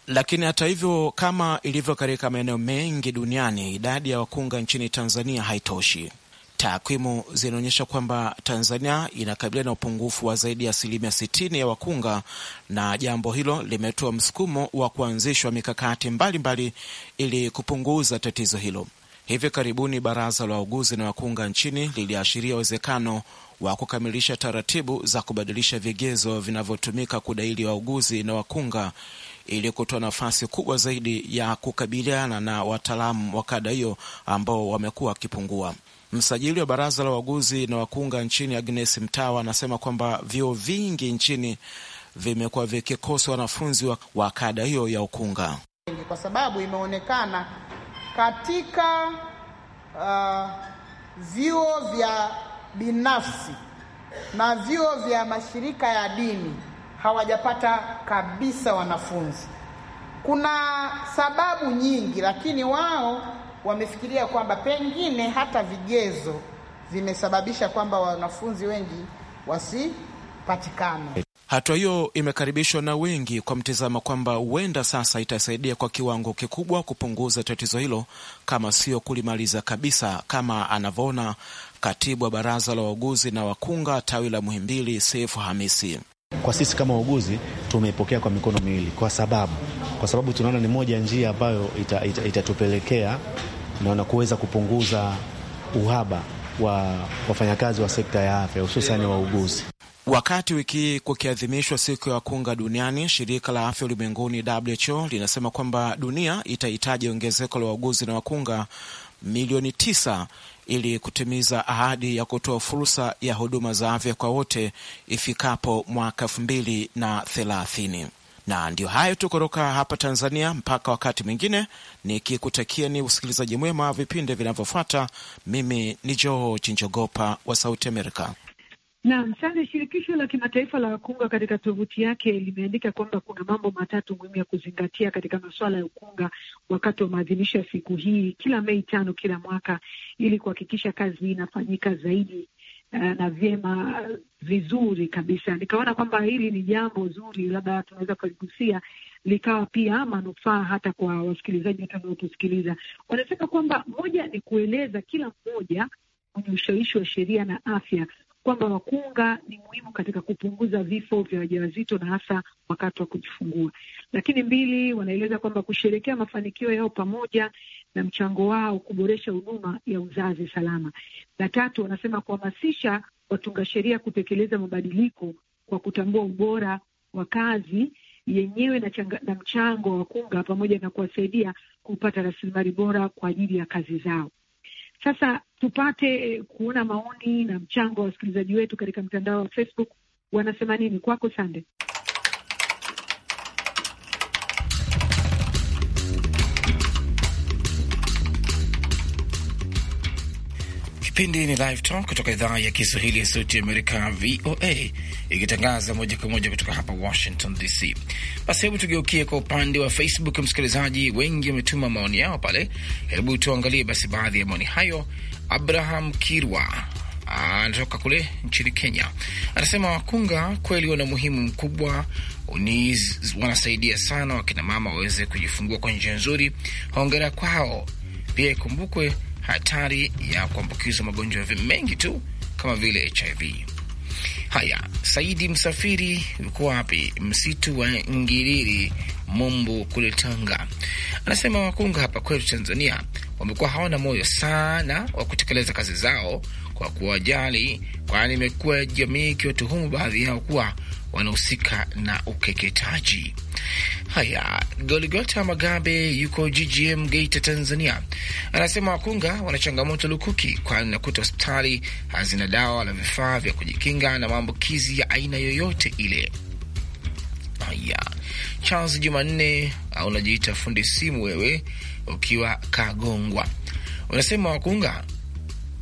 Lakini hata hivyo, kama ilivyo katika maeneo mengi duniani, idadi ya wakunga nchini Tanzania haitoshi. Takwimu zinaonyesha kwamba Tanzania inakabiliwa na upungufu wa zaidi ya asilimia 60 ya wakunga, na jambo hilo limetoa msukumo wa kuanzishwa mikakati mbalimbali ili kupunguza tatizo hilo. Hivi karibuni baraza la wauguzi na wakunga nchini liliashiria uwezekano wa kukamilisha taratibu za kubadilisha vigezo vinavyotumika kudaili wauguzi na wakunga ili kutoa nafasi kubwa zaidi ya kukabiliana na wataalamu wa kada hiyo ambao wamekuwa wakipungua. Msajili wa baraza la waguzi na wakunga nchini Agnes Mtawa anasema kwamba vyuo vingi nchini vimekuwa vikikosa wanafunzi wa, wa kada hiyo ya ukunga kwa sababu imeonekana katika uh, vyuo vya binafsi na vyuo vya mashirika ya dini hawajapata kabisa wanafunzi. Kuna sababu nyingi, lakini wao wamefikiria kwamba pengine hata vigezo vimesababisha kwamba wanafunzi wengi wasipatikane. Hatua hiyo imekaribishwa na wengi kwa mtizamo kwamba huenda sasa itasaidia kwa kiwango kikubwa kupunguza tatizo hilo, kama sio kulimaliza kabisa, kama anavyoona katibu wa baraza la wauguzi na wakunga tawi la Muhimbili, Seif Hamisi. Kwa sisi kama wauguzi tumeipokea kwa mikono miwili, kwa sababu kwa sababu tunaona ni moja njia ambayo itatupelekea ita, ita naona kuweza kupunguza uhaba wa wafanyakazi wa sekta ya afya hususan wauguzi. Wakati wiki hii kukiadhimishwa siku ya wakunga duniani, shirika la afya ulimwenguni WHO linasema kwamba dunia itahitaji ongezeko la wauguzi na wakunga milioni tisa ili kutimiza ahadi ya kutoa fursa ya huduma za afya kwa wote ifikapo mwaka elfu mbili na thelathini. Na ndiyo hayo tu kutoka hapa Tanzania. Mpaka wakati mwingine, nikikutakia ni usikilizaji mwema vipindi vinavyofuata. Mimi ni Joo Chinjogopa wa Sauti Amerika. Naam, sasa shirikisho la kimataifa la wakunga katika tovuti yake limeandika kwamba kuna mambo matatu muhimu ya kuzingatia katika masuala ya ukunga wakati wa maadhimisho ya siku hii kila Mei tano kila mwaka, ili kuhakikisha kazi inafanyika zaidi uh, na vyema vizuri kabisa. Nikaona kwamba hili ni jambo zuri, labda tunaweza kuligusia likawa pia manufaa hata kwa wasikilizaji wetu wanaotusikiliza. Wanasema kwamba moja ni kueleza kila mmoja mwenye ushawishi wa sheria na afya kwamba wakunga ni muhimu katika kupunguza vifo vya wajawazito na hasa wakati wa kujifungua. Lakini mbili, wanaeleza kwamba kusherekea mafanikio yao pamoja na mchango wao kuboresha huduma ya uzazi salama. Na tatu, wanasema kuhamasisha watunga sheria kutekeleza mabadiliko kwa kutambua ubora wa kazi yenyewe na, changa, na mchango wa wakunga pamoja na kuwasaidia kupata rasilimali bora kwa ajili ya kazi zao. Sasa tupate eh, kuona maoni na mchango wa wasikilizaji wetu katika mtandao wa Facebook. Wanasema nini kwako, Sande? Kipindi ni Live Talk kutoka idhaa ya Kiswahili ya Sauti Amerika, VOA, ikitangaza moja kwa moja kutoka hapa Washington DC. Basi hebu tugeukie kwa upande wa Facebook. Msikilizaji wengi wametuma maoni yao pale, hebu tuangalie basi baadhi ya maoni hayo. Abraham Kirwa ah, anatoka kule nchini Kenya, anasema wakunga kweli wana umuhimu mkubwa ni wanasaidia sana wakinamama waweze kujifungua kwa njia nzuri. Hongera kwao. Pia ikumbukwe hatari ya kuambukizwa magonjwa mengi tu kama vile HIV. Haya, Saidi Msafiri yuko wapi? Msitu wa Ngiriri mumbu kule Tanga, anasema wakunga hapa kwetu Tanzania wamekuwa hawana moyo sana wa kutekeleza kazi zao kwa kuwajali, kwani imekuwa jamii ikiwatuhumu baadhi yao kuwa wanahusika na ukeketaji. Haya, Goligota Magabe yuko GGM Geita, Tanzania, anasema wakunga wana changamoto lukuki, kwani nakuta hospitali hazina dawa na vifaa vya kujikinga na maambukizi ya aina yoyote ile. Haya, Charles Jumanne au ah, unajiita fundi simu wewe, ukiwa Kagongwa, unasema wakunga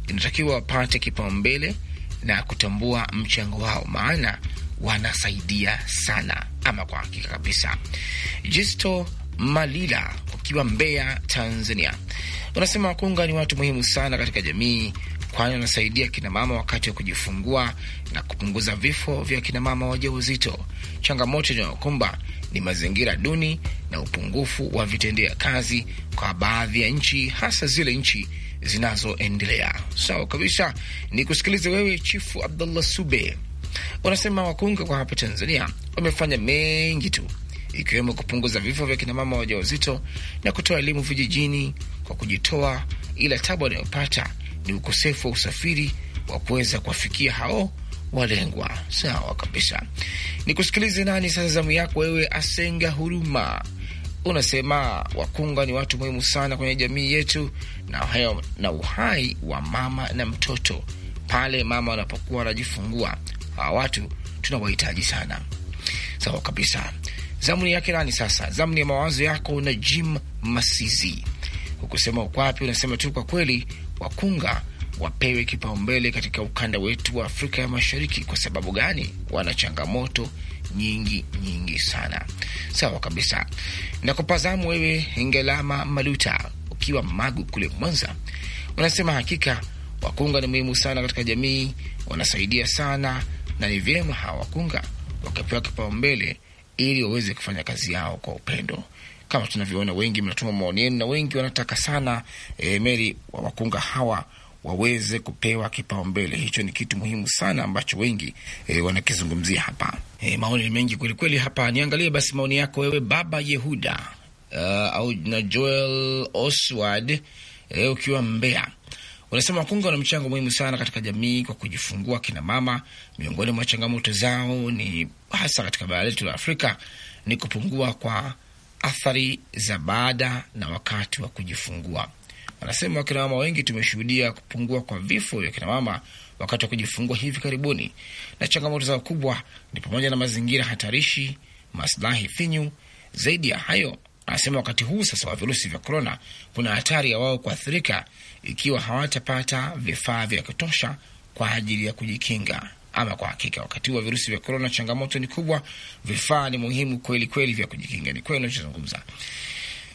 inatakiwa wapate kipaumbele na kutambua mchango wao, maana wanasaidia sana ama kwa hakika kabisa. Jisto Malila ukiwa Mbeya, Tanzania, unasema wakunga ni watu muhimu sana katika jamii, kwani wanasaidia kinamama wakati wa kujifungua na kupunguza vifo vya kinamama wajauzito. Changamoto inayokumba ni mazingira duni na upungufu wa vitendea kazi kwa baadhi ya nchi, hasa zile nchi zinazoendelea. Sawa so, kabisa ni kusikiliza wewe Chifu Abdullah Sube Unasema wakunga kwa hapa Tanzania wamefanya mengi tu, ikiwemo kupunguza vifo vya kinamama wajawazito na kutoa elimu vijijini kwa kujitoa, ila tabu wanayopata ni ukosefu wa usafiri wa kuweza kuwafikia hao walengwa. Sawa kabisa, ni kusikilize nani sasa. Zamu yako wewe, Asenga Huruma. Unasema wakunga ni watu muhimu sana kwenye jamii yetu na uhai, na uhai wa mama na mtoto pale mama wanapokuwa wanajifungua hawa ah, watu tunawahitaji sana. Sawa kabisa. Zamuni yake nani sasa? Zamuni ya mawazo yako na Jim Masizi. Ukusema ukwapi Unasema tu kwa kweli, wakunga wapewe kipaumbele katika ukanda wetu wa Afrika ya Mashariki. Kwa sababu gani? Wana changamoto nyingi nyingi sana. Sawa kabisa. Na kupazamu wewe, Ngelama Maluta, ukiwa Magu kule Mwanza, unasema hakika wakunga ni muhimu sana katika jamii, wanasaidia sana na ni vyema hawa wakunga wakapewa kipaumbele ili waweze kufanya kazi yao kwa upendo kama tunavyoona. Wengi mnatuma maoni yenu na wengi wanataka sana e, Meri, wakunga hawa waweze kupewa kipaumbele. Hicho ni kitu muhimu sana ambacho wengi e, wanakizungumzia hapa. E, maoni mengi kwelikweli hapa. Niangalie basi maoni yako wewe, Baba Yehuda uh, au na Joel Oswald e, ukiwa Mbeya Wanasema wakunga wana mchango muhimu sana katika jamii kwa kujifungua kina mama. Miongoni mwa changamoto zao ni hasa katika bara letu la Afrika ni kupungua kwa athari za baada na wakati wa kujifungua. Wanasema wakinamama wengi tumeshuhudia kupungua kwa vifo vya kinamama wakati wa kujifungua hivi karibuni, na changamoto zao kubwa ni pamoja na mazingira hatarishi, maslahi finyu. Zaidi ya hayo Anasema wakati huu sasa wa virusi vya korona, kuna hatari ya wao kuathirika ikiwa hawatapata vifaa vya kutosha kwa ajili ya kujikinga. Ama kwa hakika, wakati huu wa virusi vya korona, changamoto ni kubwa, vifaa ni muhimu kweli kweli vya kujikinga. Ni kweli unachozungumza.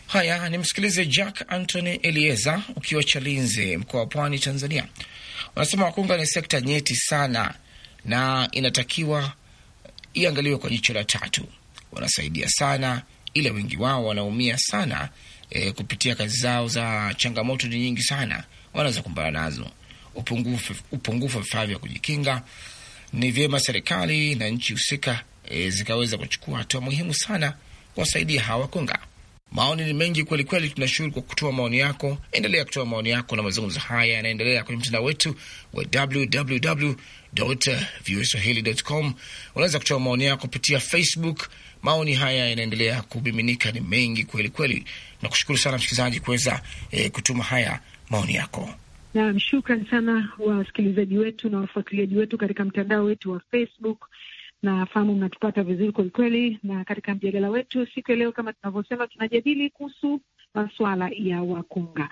haya. Nimsikilize Jack Antony Elieza ukiwa Chalinze, mkoa wa Pwani, Tanzania. Wanasema wakunga ni sekta nyeti sana na inatakiwa iangaliwe kwa jicho la tatu. Wanasaidia sana ila wengi wao wanaumia sana e, kupitia kazi zao za changamoto ni nyingi sana wanaweza kumbana nazo, upungufu wa vifaa vya kujikinga. Ni vyema serikali na nchi husika e, zikaweza kuchukua hatua muhimu sana kuwasaidia hawa wakunga. Maoni ni mengi kweli kweli tunashukuru kwa kutoa maoni yako. Endelea kutoa maoni yako, na mazungumzo haya yanaendelea kwenye mtandao wetu wa www.voaswahili.com. Unaweza kutoa maoni yako kupitia Facebook. Maoni haya yanaendelea kumiminika, ni mengi kweli kweli Nakushukuru sana msikilizaji kuweza eh, kutuma haya maoni yako. Naam, shukran sana wasikilizaji wetu na wafuatiliaji wetu katika mtandao wetu wa Facebook Nafahamu mnatupata vizuri kwelikweli, na katika mjadala wetu siku ya leo, kama tunavyosema, tunajadili kuhusu masuala ya wakunga.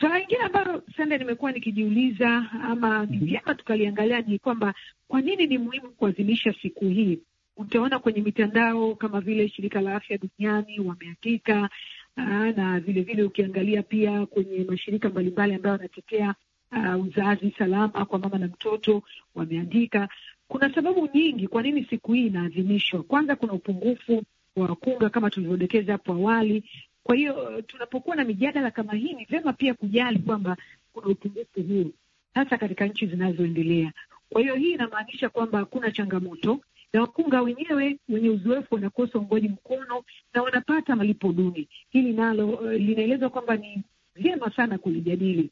Swala lingine ambalo sanda nimekuwa nikijiuliza ama mhm. ni vyema tukaliangalia ni kwamba kwa nini ni muhimu kuadhimisha siku hii. Utaona kwenye mitandao kama vile shirika la afya duniani wameandika, ah, na vilevile ukiangalia pia kwenye mashirika mbalimbali ambayo yanatetea Uh, uzazi salama kwa mama na mtoto wameandika. Kuna sababu nyingi kwa nini siku hii inaadhimishwa. Kwanza, kuna upungufu wa wakunga kama tulivyodokeza hapo awali. Kwa hiyo eh, tunapokuwa na mijadala kama hii, ni vyema pia kujali kwamba kuna upungufu huu hasa katika nchi zinazoendelea. Kwa hiyo hii inamaanisha kwamba hakuna changamoto na wakunga wenyewe wenye uzoefu wanakosa uungwaji mkono na wanapata malipo duni. Hili nalo uh, linaelezwa kwamba ni vyema sana kulijadili.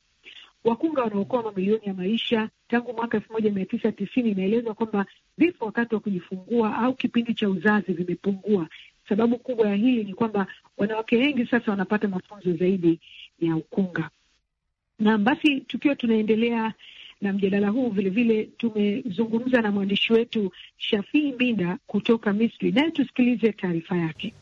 Wakunga wanaokoa mamilioni ya maisha tangu mwaka elfu moja mia tisa tisini inaelezwa kwamba vifo wakati wa kujifungua au kipindi cha uzazi vimepungua. Sababu kubwa ya hili ni kwamba wanawake wengi sasa wanapata mafunzo zaidi ya ukunga. Na basi tukiwa tunaendelea na mjadala huu vilevile, tumezungumza na mwandishi wetu Shafii Mbinda kutoka Misri, naye tusikilize taarifa yake.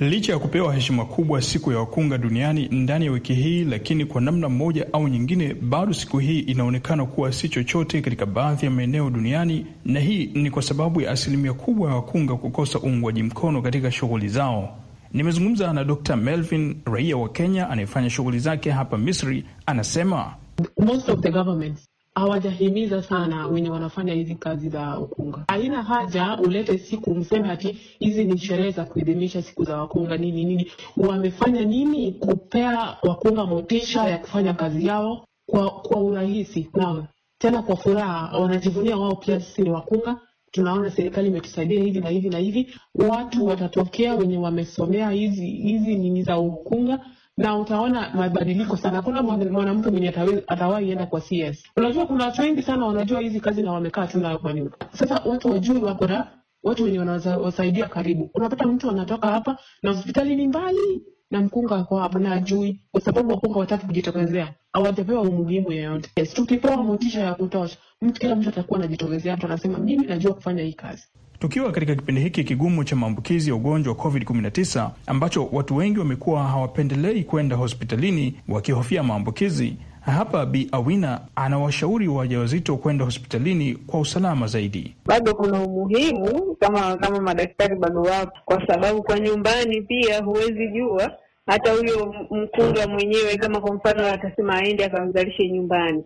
Licha ya kupewa heshima kubwa siku ya wakunga duniani ndani ya wiki hii, lakini kwa namna moja au nyingine, bado siku hii inaonekana kuwa si chochote katika baadhi ya maeneo duniani, na hii ni kwa sababu ya asilimia kubwa ya wakunga kukosa uungwaji mkono katika shughuli zao. Nimezungumza na Dr. Melvin, raia wa Kenya anayefanya shughuli zake hapa Misri, anasema Most of the governments hawajahimiza sana wenye wanafanya hizi kazi za ukunga. Haina haja ulete siku mseme ati hizi ni sherehe za kuidhimisha siku za wakunga nini nini. Wamefanya nini kupea wakunga motisha ya kufanya kazi yao kwa, kwa urahisi na tena kwa furaha? Wanajivunia wao pia, sisi ni wakunga tunaona serikali imetusaidia hivi na hivi na hivi. Watu watatokea wenye wamesomea hizi hizi nini za ukunga na utaona mabadiliko sana. Hakuna mwanamke mwenye atawahi enda kwa CS. Unajua kuna watu wengi sana wanajua hizi kazi na wamekaa tu nayo kwa nyumba. Sasa watu wajui wako na watu wenye wanawasaidia karibu. Unapata mtu anatoka hapa na hospitali ni mbali na mkunga ako hapa na ajui, kwa sababu wakunga watatu kujitokezea, hawajapewa umuhimu yeyote. Yes, tukipewa motisha ya kutosha, mtu kila mtu atakuwa anajitokezea, mtu anasema mimi najua kufanya hii kazi. Tukiwa katika kipindi hiki kigumu cha maambukizi ya ugonjwa wa COVID-19 ambacho watu wengi wamekuwa hawapendelei kwenda hospitalini wakihofia maambukizi, hapa Bi Awina anawashauri wajawazito kwenda hospitalini kwa usalama zaidi. Bado kuna umuhimu kama kama madaktari bado wapo, kwa sababu kwa nyumbani pia huwezi jua hata huyo mkunga mwenyewe kama kwa mfano atasema aende akamzalishe nyumbani,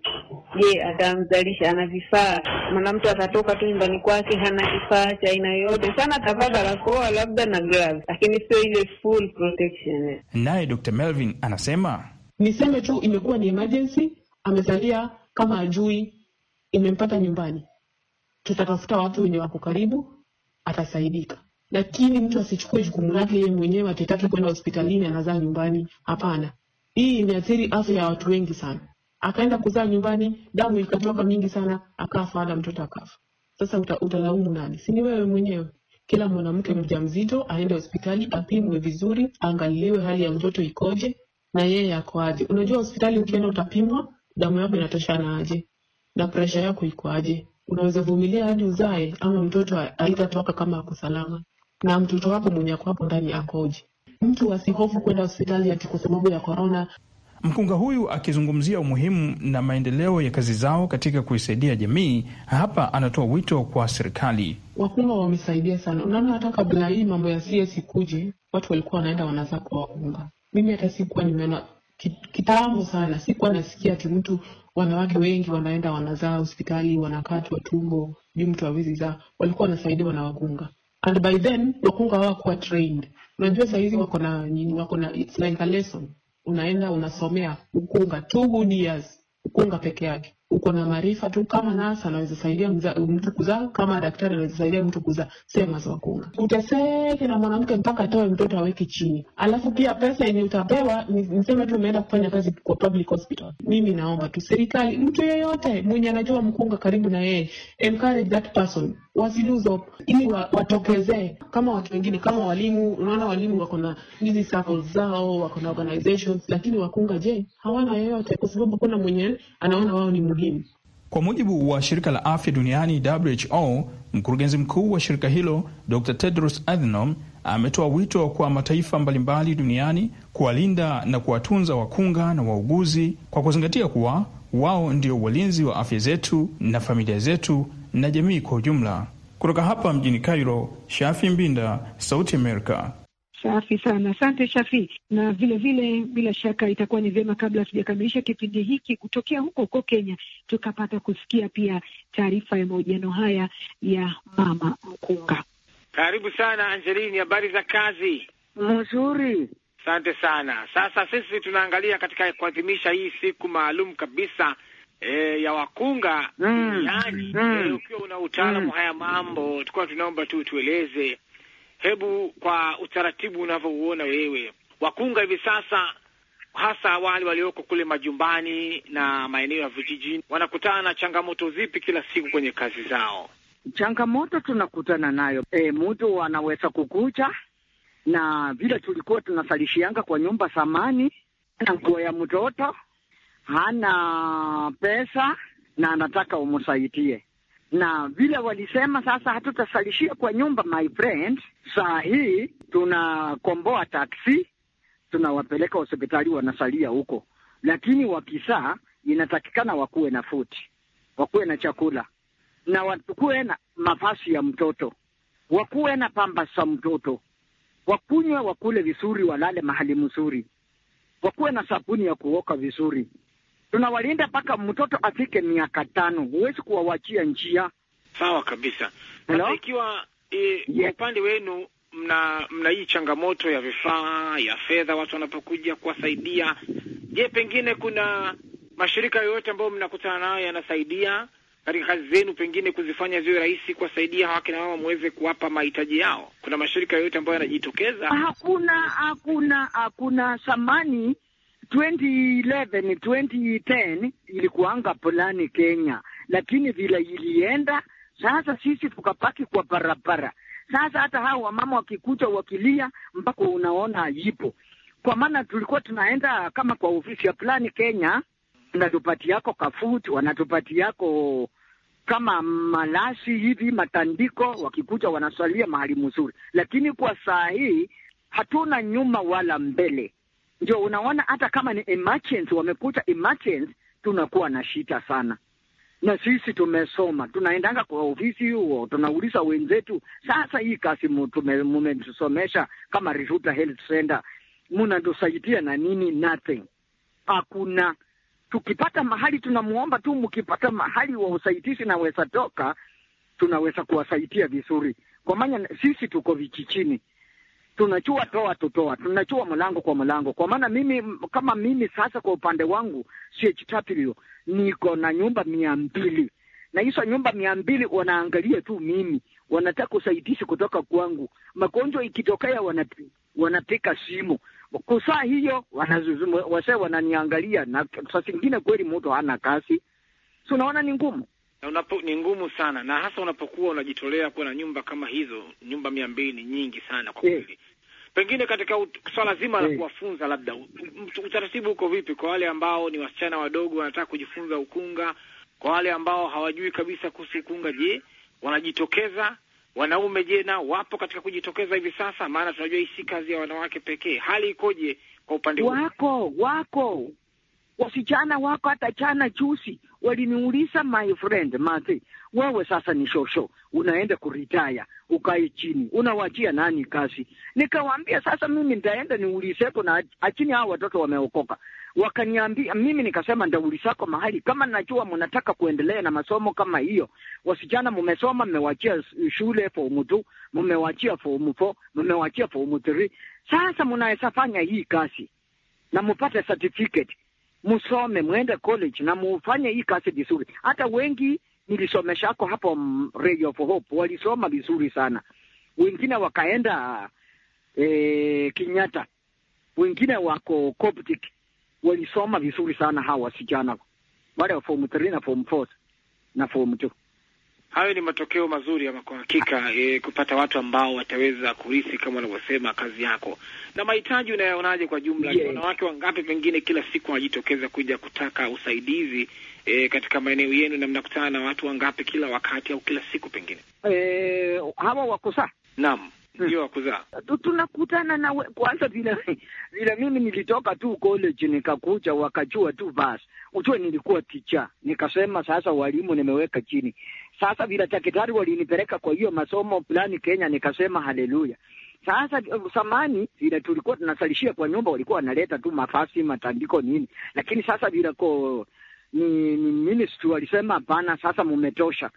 je, atamzalisha? Ana vifaa? Maana mtu atatoka tu nyumbani kwake hana kifaa cha aina yoyote, sana atavaa barakoa labda na gloves, lakini sio ile full protection. Naye Dr. Melvin anasema niseme tu imekuwa ni emergency, amezalia kama ajui, imempata nyumbani, tutatafuta watu wenye wako karibu, atasaidika lakini mtu asichukue jukumu lake yeye mwenyewe atetake kwenda hospitalini anazaa nyumbani. Hapana, hii imeathiri afya ya watu wengi sana. Akaenda kuzaa nyumbani, damu ikatoka mingi sana, akafa, ada mtoto akafa. Sasa uta, utalaumu nani? Si ni wewe mwenyewe. Kila mwanamke mjamzito aende hospitali apimwe vizuri, angaliwe hali ya mtoto ikoje na yeye akoaje. Unajua hospitali ukienda utapimwa damu yako inatoshana aje na presha yako ikoaje, Unaweza vumilia hadi uzae ama mtoto haitatoka kama ako salama na mtoto wako mwenye ako ndani akoje. Mtu asihofu kwenda hospitali ati kwa sababu ya korona. Mkunga huyu akizungumzia umuhimu na maendeleo ya kazi zao katika kuisaidia jamii, hapa anatoa wito kwa serikali. Wakunga wamesaidia sana. Unaona, hata kabla hii mambo ya CS kuje, watu walikuwa wanaenda wanaza kwa wakunga. Mimi hata sikuwa nimeona kitambo sana, sikuwa nasikia ati mtu, wanawake wengi wanaenda wanazaa hospitali, wanakatwa tumbo juu mtu awezi zaa. Walikuwa wanasaidiwa na wakunga and by then wakunga hawakuwa trained. Unajua hizi wako na wako na it's like a lesson, unaenda unasomea ukunga two good years, ukunga peke yake uko na maarifa tu. Kama nasa anaweza saidia mtu kuzaa, kama daktari anaweza saidia mtu kuzaa, sema za wakunga. Uteseke na mwanamke mpaka atoe mtoto aweke chini, alafu pia pesa yenye utapewa niseme tu umeenda kufanya kazi kwa public hospital. Mimi naomba tu serikali, mtu yeyote mwenye anajua mkunga karibu na yeye, encourage that person wasiluzo ili watokezee kama watu wengine, kama walimu. Unaona, walimu wako na hizi circles zao, wako na organizations, lakini wakunga je, hawana yoyote, kwa sababu kuna mwenye anaona wao ni muhimu. Kwa mujibu wa shirika la afya duniani WHO, mkurugenzi mkuu wa shirika hilo Dr Tedros Adhanom ametoa wito kwa mataifa mbalimbali duniani kuwalinda na kuwatunza wakunga na wauguzi kwa kuzingatia kuwa wao ndio walinzi wa afya zetu na familia zetu na jamii kwa ujumla. Kutoka hapa mjini Cairo, Shafi Mbinda, Sauti Amerika. Safi sana, asante Shafi. Na vile vile bila shaka itakuwa ni vyema kabla hatujakamilisha kipindi hiki, kutokea huko huko Kenya tukapata kusikia pia taarifa ya mahojiano haya ya mama mkunga. Karibu sana Angelini, habari za kazi? Mzuri, asante sana. Sasa sisi tunaangalia katika kuadhimisha hii siku maalum kabisa e, ya wakunga mm. duniani mm. mm. E, ukiwa una utaalamu mm. haya mambo, tukuwa tunaomba tu tueleze, hebu kwa utaratibu unavyouona wewe, wakunga hivi sasa hasa wale walioko kule majumbani na maeneo ya vijijini wanakutana na changamoto zipi kila siku kwenye kazi zao? Changamoto tunakutana nayo e, mtu anaweza kukucha na vile tulikuwa tunasalishianga kwa nyumba samani na nguo ya mtoto hana pesa na anataka umsaidie, na vile walisema sasa, hatutasalishia kwa nyumba my friend. Saa hii tunakomboa taksi, tunawapeleka hospitali, wanasalia huko, lakini wakisaa inatakikana wakuwe na futi, wakuwe na chakula na wakuwe na mavazi ya mtoto, wakuwe na pamba za mtoto, wakunywe, wakule vizuri, walale mahali mzuri, wakuwe na sabuni ya kuoka vizuri tunawalinda mpaka mtoto afike miaka tano, huwezi kuwawachia njia. Sawa kabisa. Sasa ikiwa e, upande wenu mna mna hii changamoto ya vifaa ya fedha watu wanapokuja kuwasaidia, je, pengine kuna mashirika yoyote ambayo mnakutana nayo yanasaidia katika kazi zenu, pengine kuzifanya ziwe rahisi kuwasaidia hawa kina mama muweze kuwapa mahitaji yao? Kuna mashirika yoyote ambayo yanajitokeza? Hakuna, hakuna, hakuna. Samani 2011 2010 ilikuanga polani Kenya, lakini vile ilienda sasa, sisi tukapaki kwa barabara. Sasa hata hao wamama wakikuja wakilia, mpaka unaona ipo kwa maana tulikuwa tunaenda kama kwa ofisi ya plani Kenya, wanatupatiako kafuti, wanatupatiako kama malashi hivi matandiko, wakikuja wanaswalia mahali mzuri, lakini kwa saa hii hatuna nyuma wala mbele ndio unaona hata kama ni emergency, wamekuta emergency, tunakuwa na shida sana na sisi tumesoma, tunaendanga kwa ofisi huo, tunauliza wenzetu, sasa hii kazi mumetusomesha kama Rivuta Health Center munatusaidia na nini? Nothing, hakuna. Tukipata mahali tunamuomba tu, mkipata mahali wa usaidizi naweza toka, tunaweza kuwasaidia vizuri, kwa maana sisi tuko vichichini, tunachua toa tutoa, tunachua mlango kwa mlango, kwa maana mimi kama mimi sasa, kwa upande wangu CHW niko na nyumba mia mbili na hizo nyumba mia mbili wanaangalia tu mimi, wanataka usaidizi kutoka kwangu. Magonjwa ikitokea wanapika simu kusaa hiyo, wase wananiangalia, na saa zingine kweli mtu hana kazi, so unaona ni ngumu na unapo, ni ngumu sana, na hasa unapokuwa unajitolea kuwa na nyumba kama hizo. Nyumba mia mbili ni nyingi sana kwa eh. kweli. Pengine katika swala zima la eh. kuwafunza, labda utaratibu uko vipi kwa wale ambao ni wasichana wadogo wanataka kujifunza ukunga? Kwa wale ambao hawajui kabisa kuhusu ukunga, je, wanajitokeza? Wanaume je, na wapo katika kujitokeza hivi sasa? Maana tunajua hii si kazi ya wanawake pekee. Hali ikoje kwa upande wako? Wako wasichana wako, hata chana chusi waliniuliza my friend Mati, wewe sasa ni shosho, unaenda kuritaya, ukae chini, unawachia nani kazi? Nikawaambia sasa mimi nitaenda niulizeko na achini hao watoto wameokoka wakaniambia mimi, nikasema ndaulisako mahali kama najua mnataka kuendelea na masomo kama hiyo. Wasichana mmesoma, mmewachia shule form two, mmewachia form four, mmewachia form three. Sasa mnaweza fanya hii kazi na mpate certificate musome mwende college na mufanye hii kazi vizuri. Hata wengi nilisomeshako hapo Radio of Hope walisoma vizuri sana, wengine wakaenda e, Kenyatta, wengine wako Coptic, walisoma vizuri sana hawa wasichana wale wa form 3 na form 4 na form 2. Hayo ni matokeo mazuri ama kwa hakika, e, kupata watu ambao wataweza kurithi kama wanavyosema kazi yako. Na mahitaji unayaonaje kwa jumla? Yes. Wanawake wangapi pengine kila siku wanajitokeza kuja kutaka usaidizi e, katika maeneo yenu, na mnakutana na watu wangapi kila wakati au kila siku pengine? E, hawa wakuzaa? Naam, hmm. ndio hmm. Wakuzaa tunakutana na kwanza vile vile mimi nilitoka tu college nikakuja, wakajua tu basi, ujue nilikuwa ticha, nikasema sasa walimu nimeweka chini sasa vile daktari walinipeleka kwa hiyo masomo fulani Kenya, nikasema haleluya. Sasa samani eh, vile tulikuwa tunasalishia kwa nyumba, walikuwa wanaleta tu mafasi, matandiko, nini, lakini sasa vile ko ni, ni ministry walisema hapana, sasa mumetosha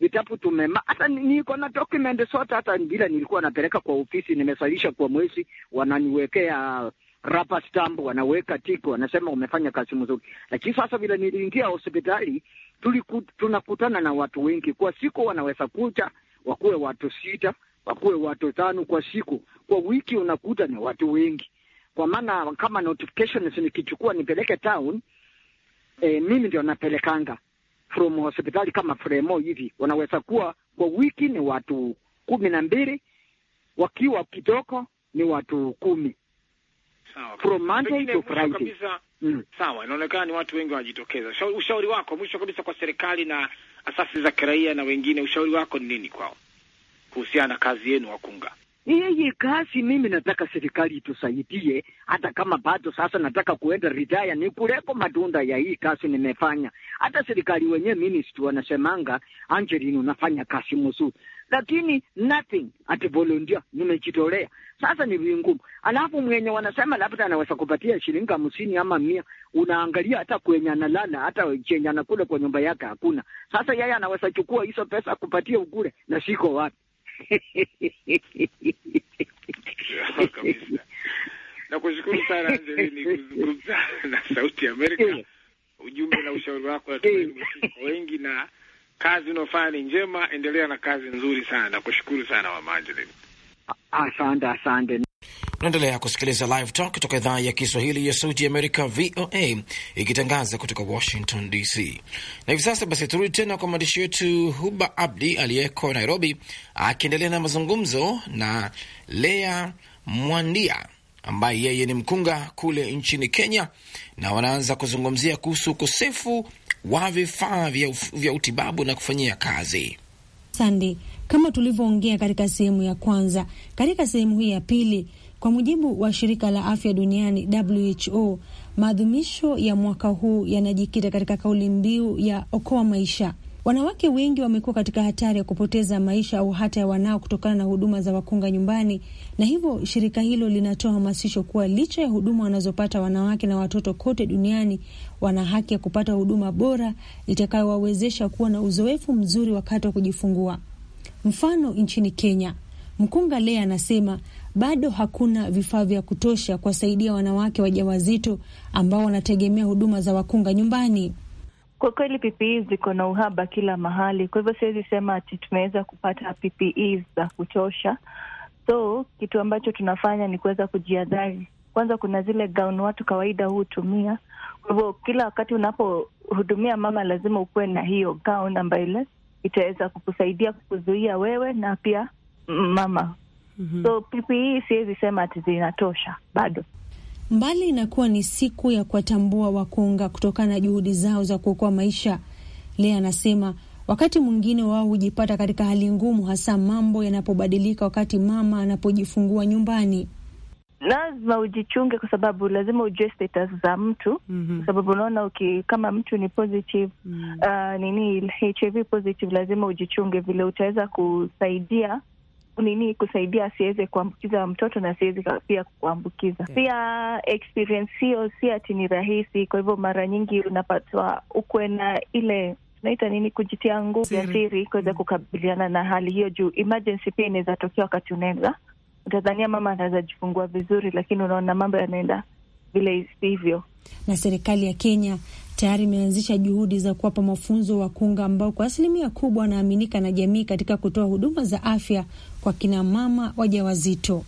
vitabu tumema, hata niko na document sote, hata bila nilikuwa napeleka kwa ofisi, nimesalisha kwa mwezi, wananiwekea rapa stamp, wanaweka tiko, wanasema umefanya kazi mzuri. Lakini sasa vile niliingia hospitali tuliku, tunakutana na watu wengi kwa siku, wanaweza kuja wakuwe watu sita, wakuwe watu tano kwa siku. Kwa wiki unakuta ni watu wengi, kwa maana kama notifications nikichukua nipeleke town e, mimi ndio napelekanga from hospitali kama Fremo hivi, wanaweza kuwa kwa wiki ni watu kumi na mbili, wakiwa kidogo ni watu kumi. From Monday to Friday kabisa. Mm. Sawa, inaonekana ni watu wengi wanajitokeza. Ushauri, wako mwisho kabisa kwa serikali na asasi za kiraia na wengine, ushauri wako ni nini kwao kuhusiana na kazi yenu wakunga? Hii kazi mimi nataka serikali itusaidie, hata kama bado sasa nataka kuenda retire, ni kuleko matunda ya hii kazi nimefanya. Hata serikali wenyewe ministri wanasemanga, Angelin, unafanya kazi mzuri, lakini nothing ati volunteer, nimejitolea. Sasa ni vingumu, alafu mwenye wanasema labda anaweza kupatia shilingi hamsini ama mia, unaangalia hata kwenye analala hata chenye anakula kwa nyumba yake hakuna. Sasa yeye anaweza chukua hizo pesa kupatia ukule na siko wapi? <laughs> Nakushukuru sana Angelini kuzungumza na Sauti ya Amerika, eh. ujumbe na ushauri wako wengi na kazi unaofanya ni njema, endelea na kazi nzuri sana. Nakushukuru sana Wamajili. Asante, asante. Naendelea kusikiliza Live Talk kutoka idhaa ya Kiswahili ya Sauti Amerika, VOA, ikitangaza kutoka Washington DC. Na hivi sasa basi, turudi tena kwa mwandishi wetu Huba Abdi aliyeko Nairobi, akiendelea na mazungumzo na Lea Mwandia ambaye yeye ni mkunga kule nchini Kenya, na wanaanza kuzungumzia kuhusu ukosefu wa vifaa vya, vya utibabu na kufanyia kazi. Sande, kama tulivyoongea katika sehemu ya kwanza, katika sehemu hii ya pili, kwa mujibu wa shirika la afya duniani WHO, maadhimisho ya mwaka huu yanajikita katika kauli mbiu ya okoa maisha Wanawake wengi wamekuwa katika hatari ya kupoteza maisha au hata ya wanao kutokana na huduma za wakunga nyumbani, na hivyo shirika hilo linatoa hamasisho kuwa licha ya huduma wanazopata wanawake na watoto kote duniani, wana haki ya kupata huduma bora itakayowawezesha kuwa na uzoefu mzuri wakati wa kujifungua. Mfano, nchini Kenya, mkunga Lea anasema bado hakuna vifaa vya kutosha kuwasaidia wanawake wajawazito ambao wanategemea huduma za wakunga nyumbani. Kwa kweli PPE ziko na uhaba kila mahali, kwa hivyo siwezi sema ati tumeweza kupata PPE za kutosha. So kitu ambacho tunafanya ni kuweza kujiadhari. Kwanza kuna zile gauni watu kawaida hutumia, kwa hivyo kila wakati unapohudumia mama lazima ukuwe na hiyo gauni ambayo ile itaweza kukusaidia kukuzuia wewe na pia mama. Mm -hmm. So PPE siwezi sema ati zinatosha bado mbali inakuwa ni siku ya kuwatambua wakunga kutokana na juhudi zao za kuokoa maisha. Lea anasema wakati mwingine wao hujipata katika hali ngumu, hasa mambo yanapobadilika wakati mama anapojifungua nyumbani. Lazima ujichunge kwa sababu lazima ujue status za mtu mm -hmm. Kwa sababu unaona uki, kama mtu ni positive mm -hmm. Uh, nini HIV positive, lazima ujichunge vile utaweza kusaidia nini kusaidia asiweze kuambukiza mtoto na asiweze pia kuambukiza yeah. Pia experience hiyo si ati ni rahisi, kwa hivyo mara nyingi unapatwa ukwe na ile naita nini, kujitia nguvu ya siri kuweza mm. kukabiliana na hali hiyo, juu emergency pia inaweza tokea wakati unaweza utadhania mama anaweza jifungua vizuri, lakini unaona mambo yanaenda vile isivyo. Na serikali ya Kenya tayari imeanzisha juhudi za kuwapa mafunzo wakunga ambao kwa asilimia kubwa wanaaminika na jamii katika kutoa huduma za afya kwa kinamama wajawazito.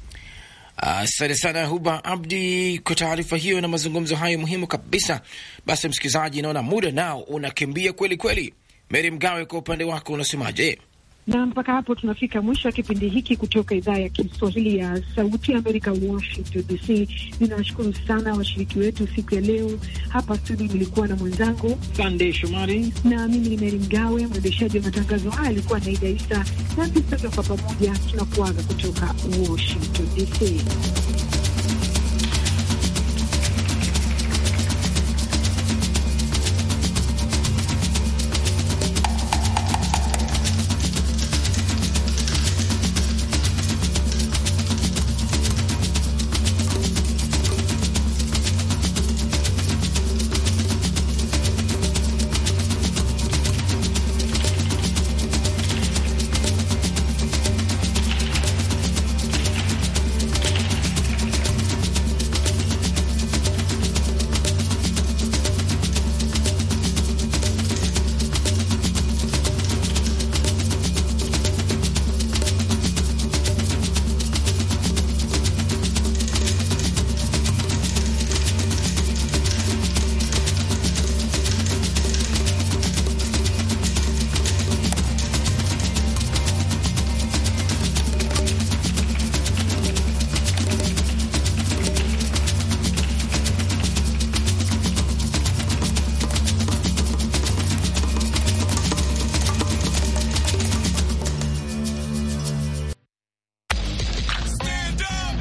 Asante uh, sana Huba Abdi kwa taarifa hiyo na mazungumzo hayo muhimu kabisa. Basi msikilizaji, naona muda nao unakimbia kweli kweli. Meri Mgawe, kwa upande wako unasemaje? na mpaka hapo tunafika mwisho wa kipindi hiki kutoka idhaa ya Kiswahili ya Sauti ya Amerika, Washington DC. Ninawashukuru sana washiriki wetu siku ya leo. Hapa studio nilikuwa na mwenzangu Sandey Shomari na mimi ni Meri Mgawe. Mwendeshaji wa matangazo haya alikuwa na Isa. Nasi sote kwa pamoja tunakuaga kutoka Washington DC.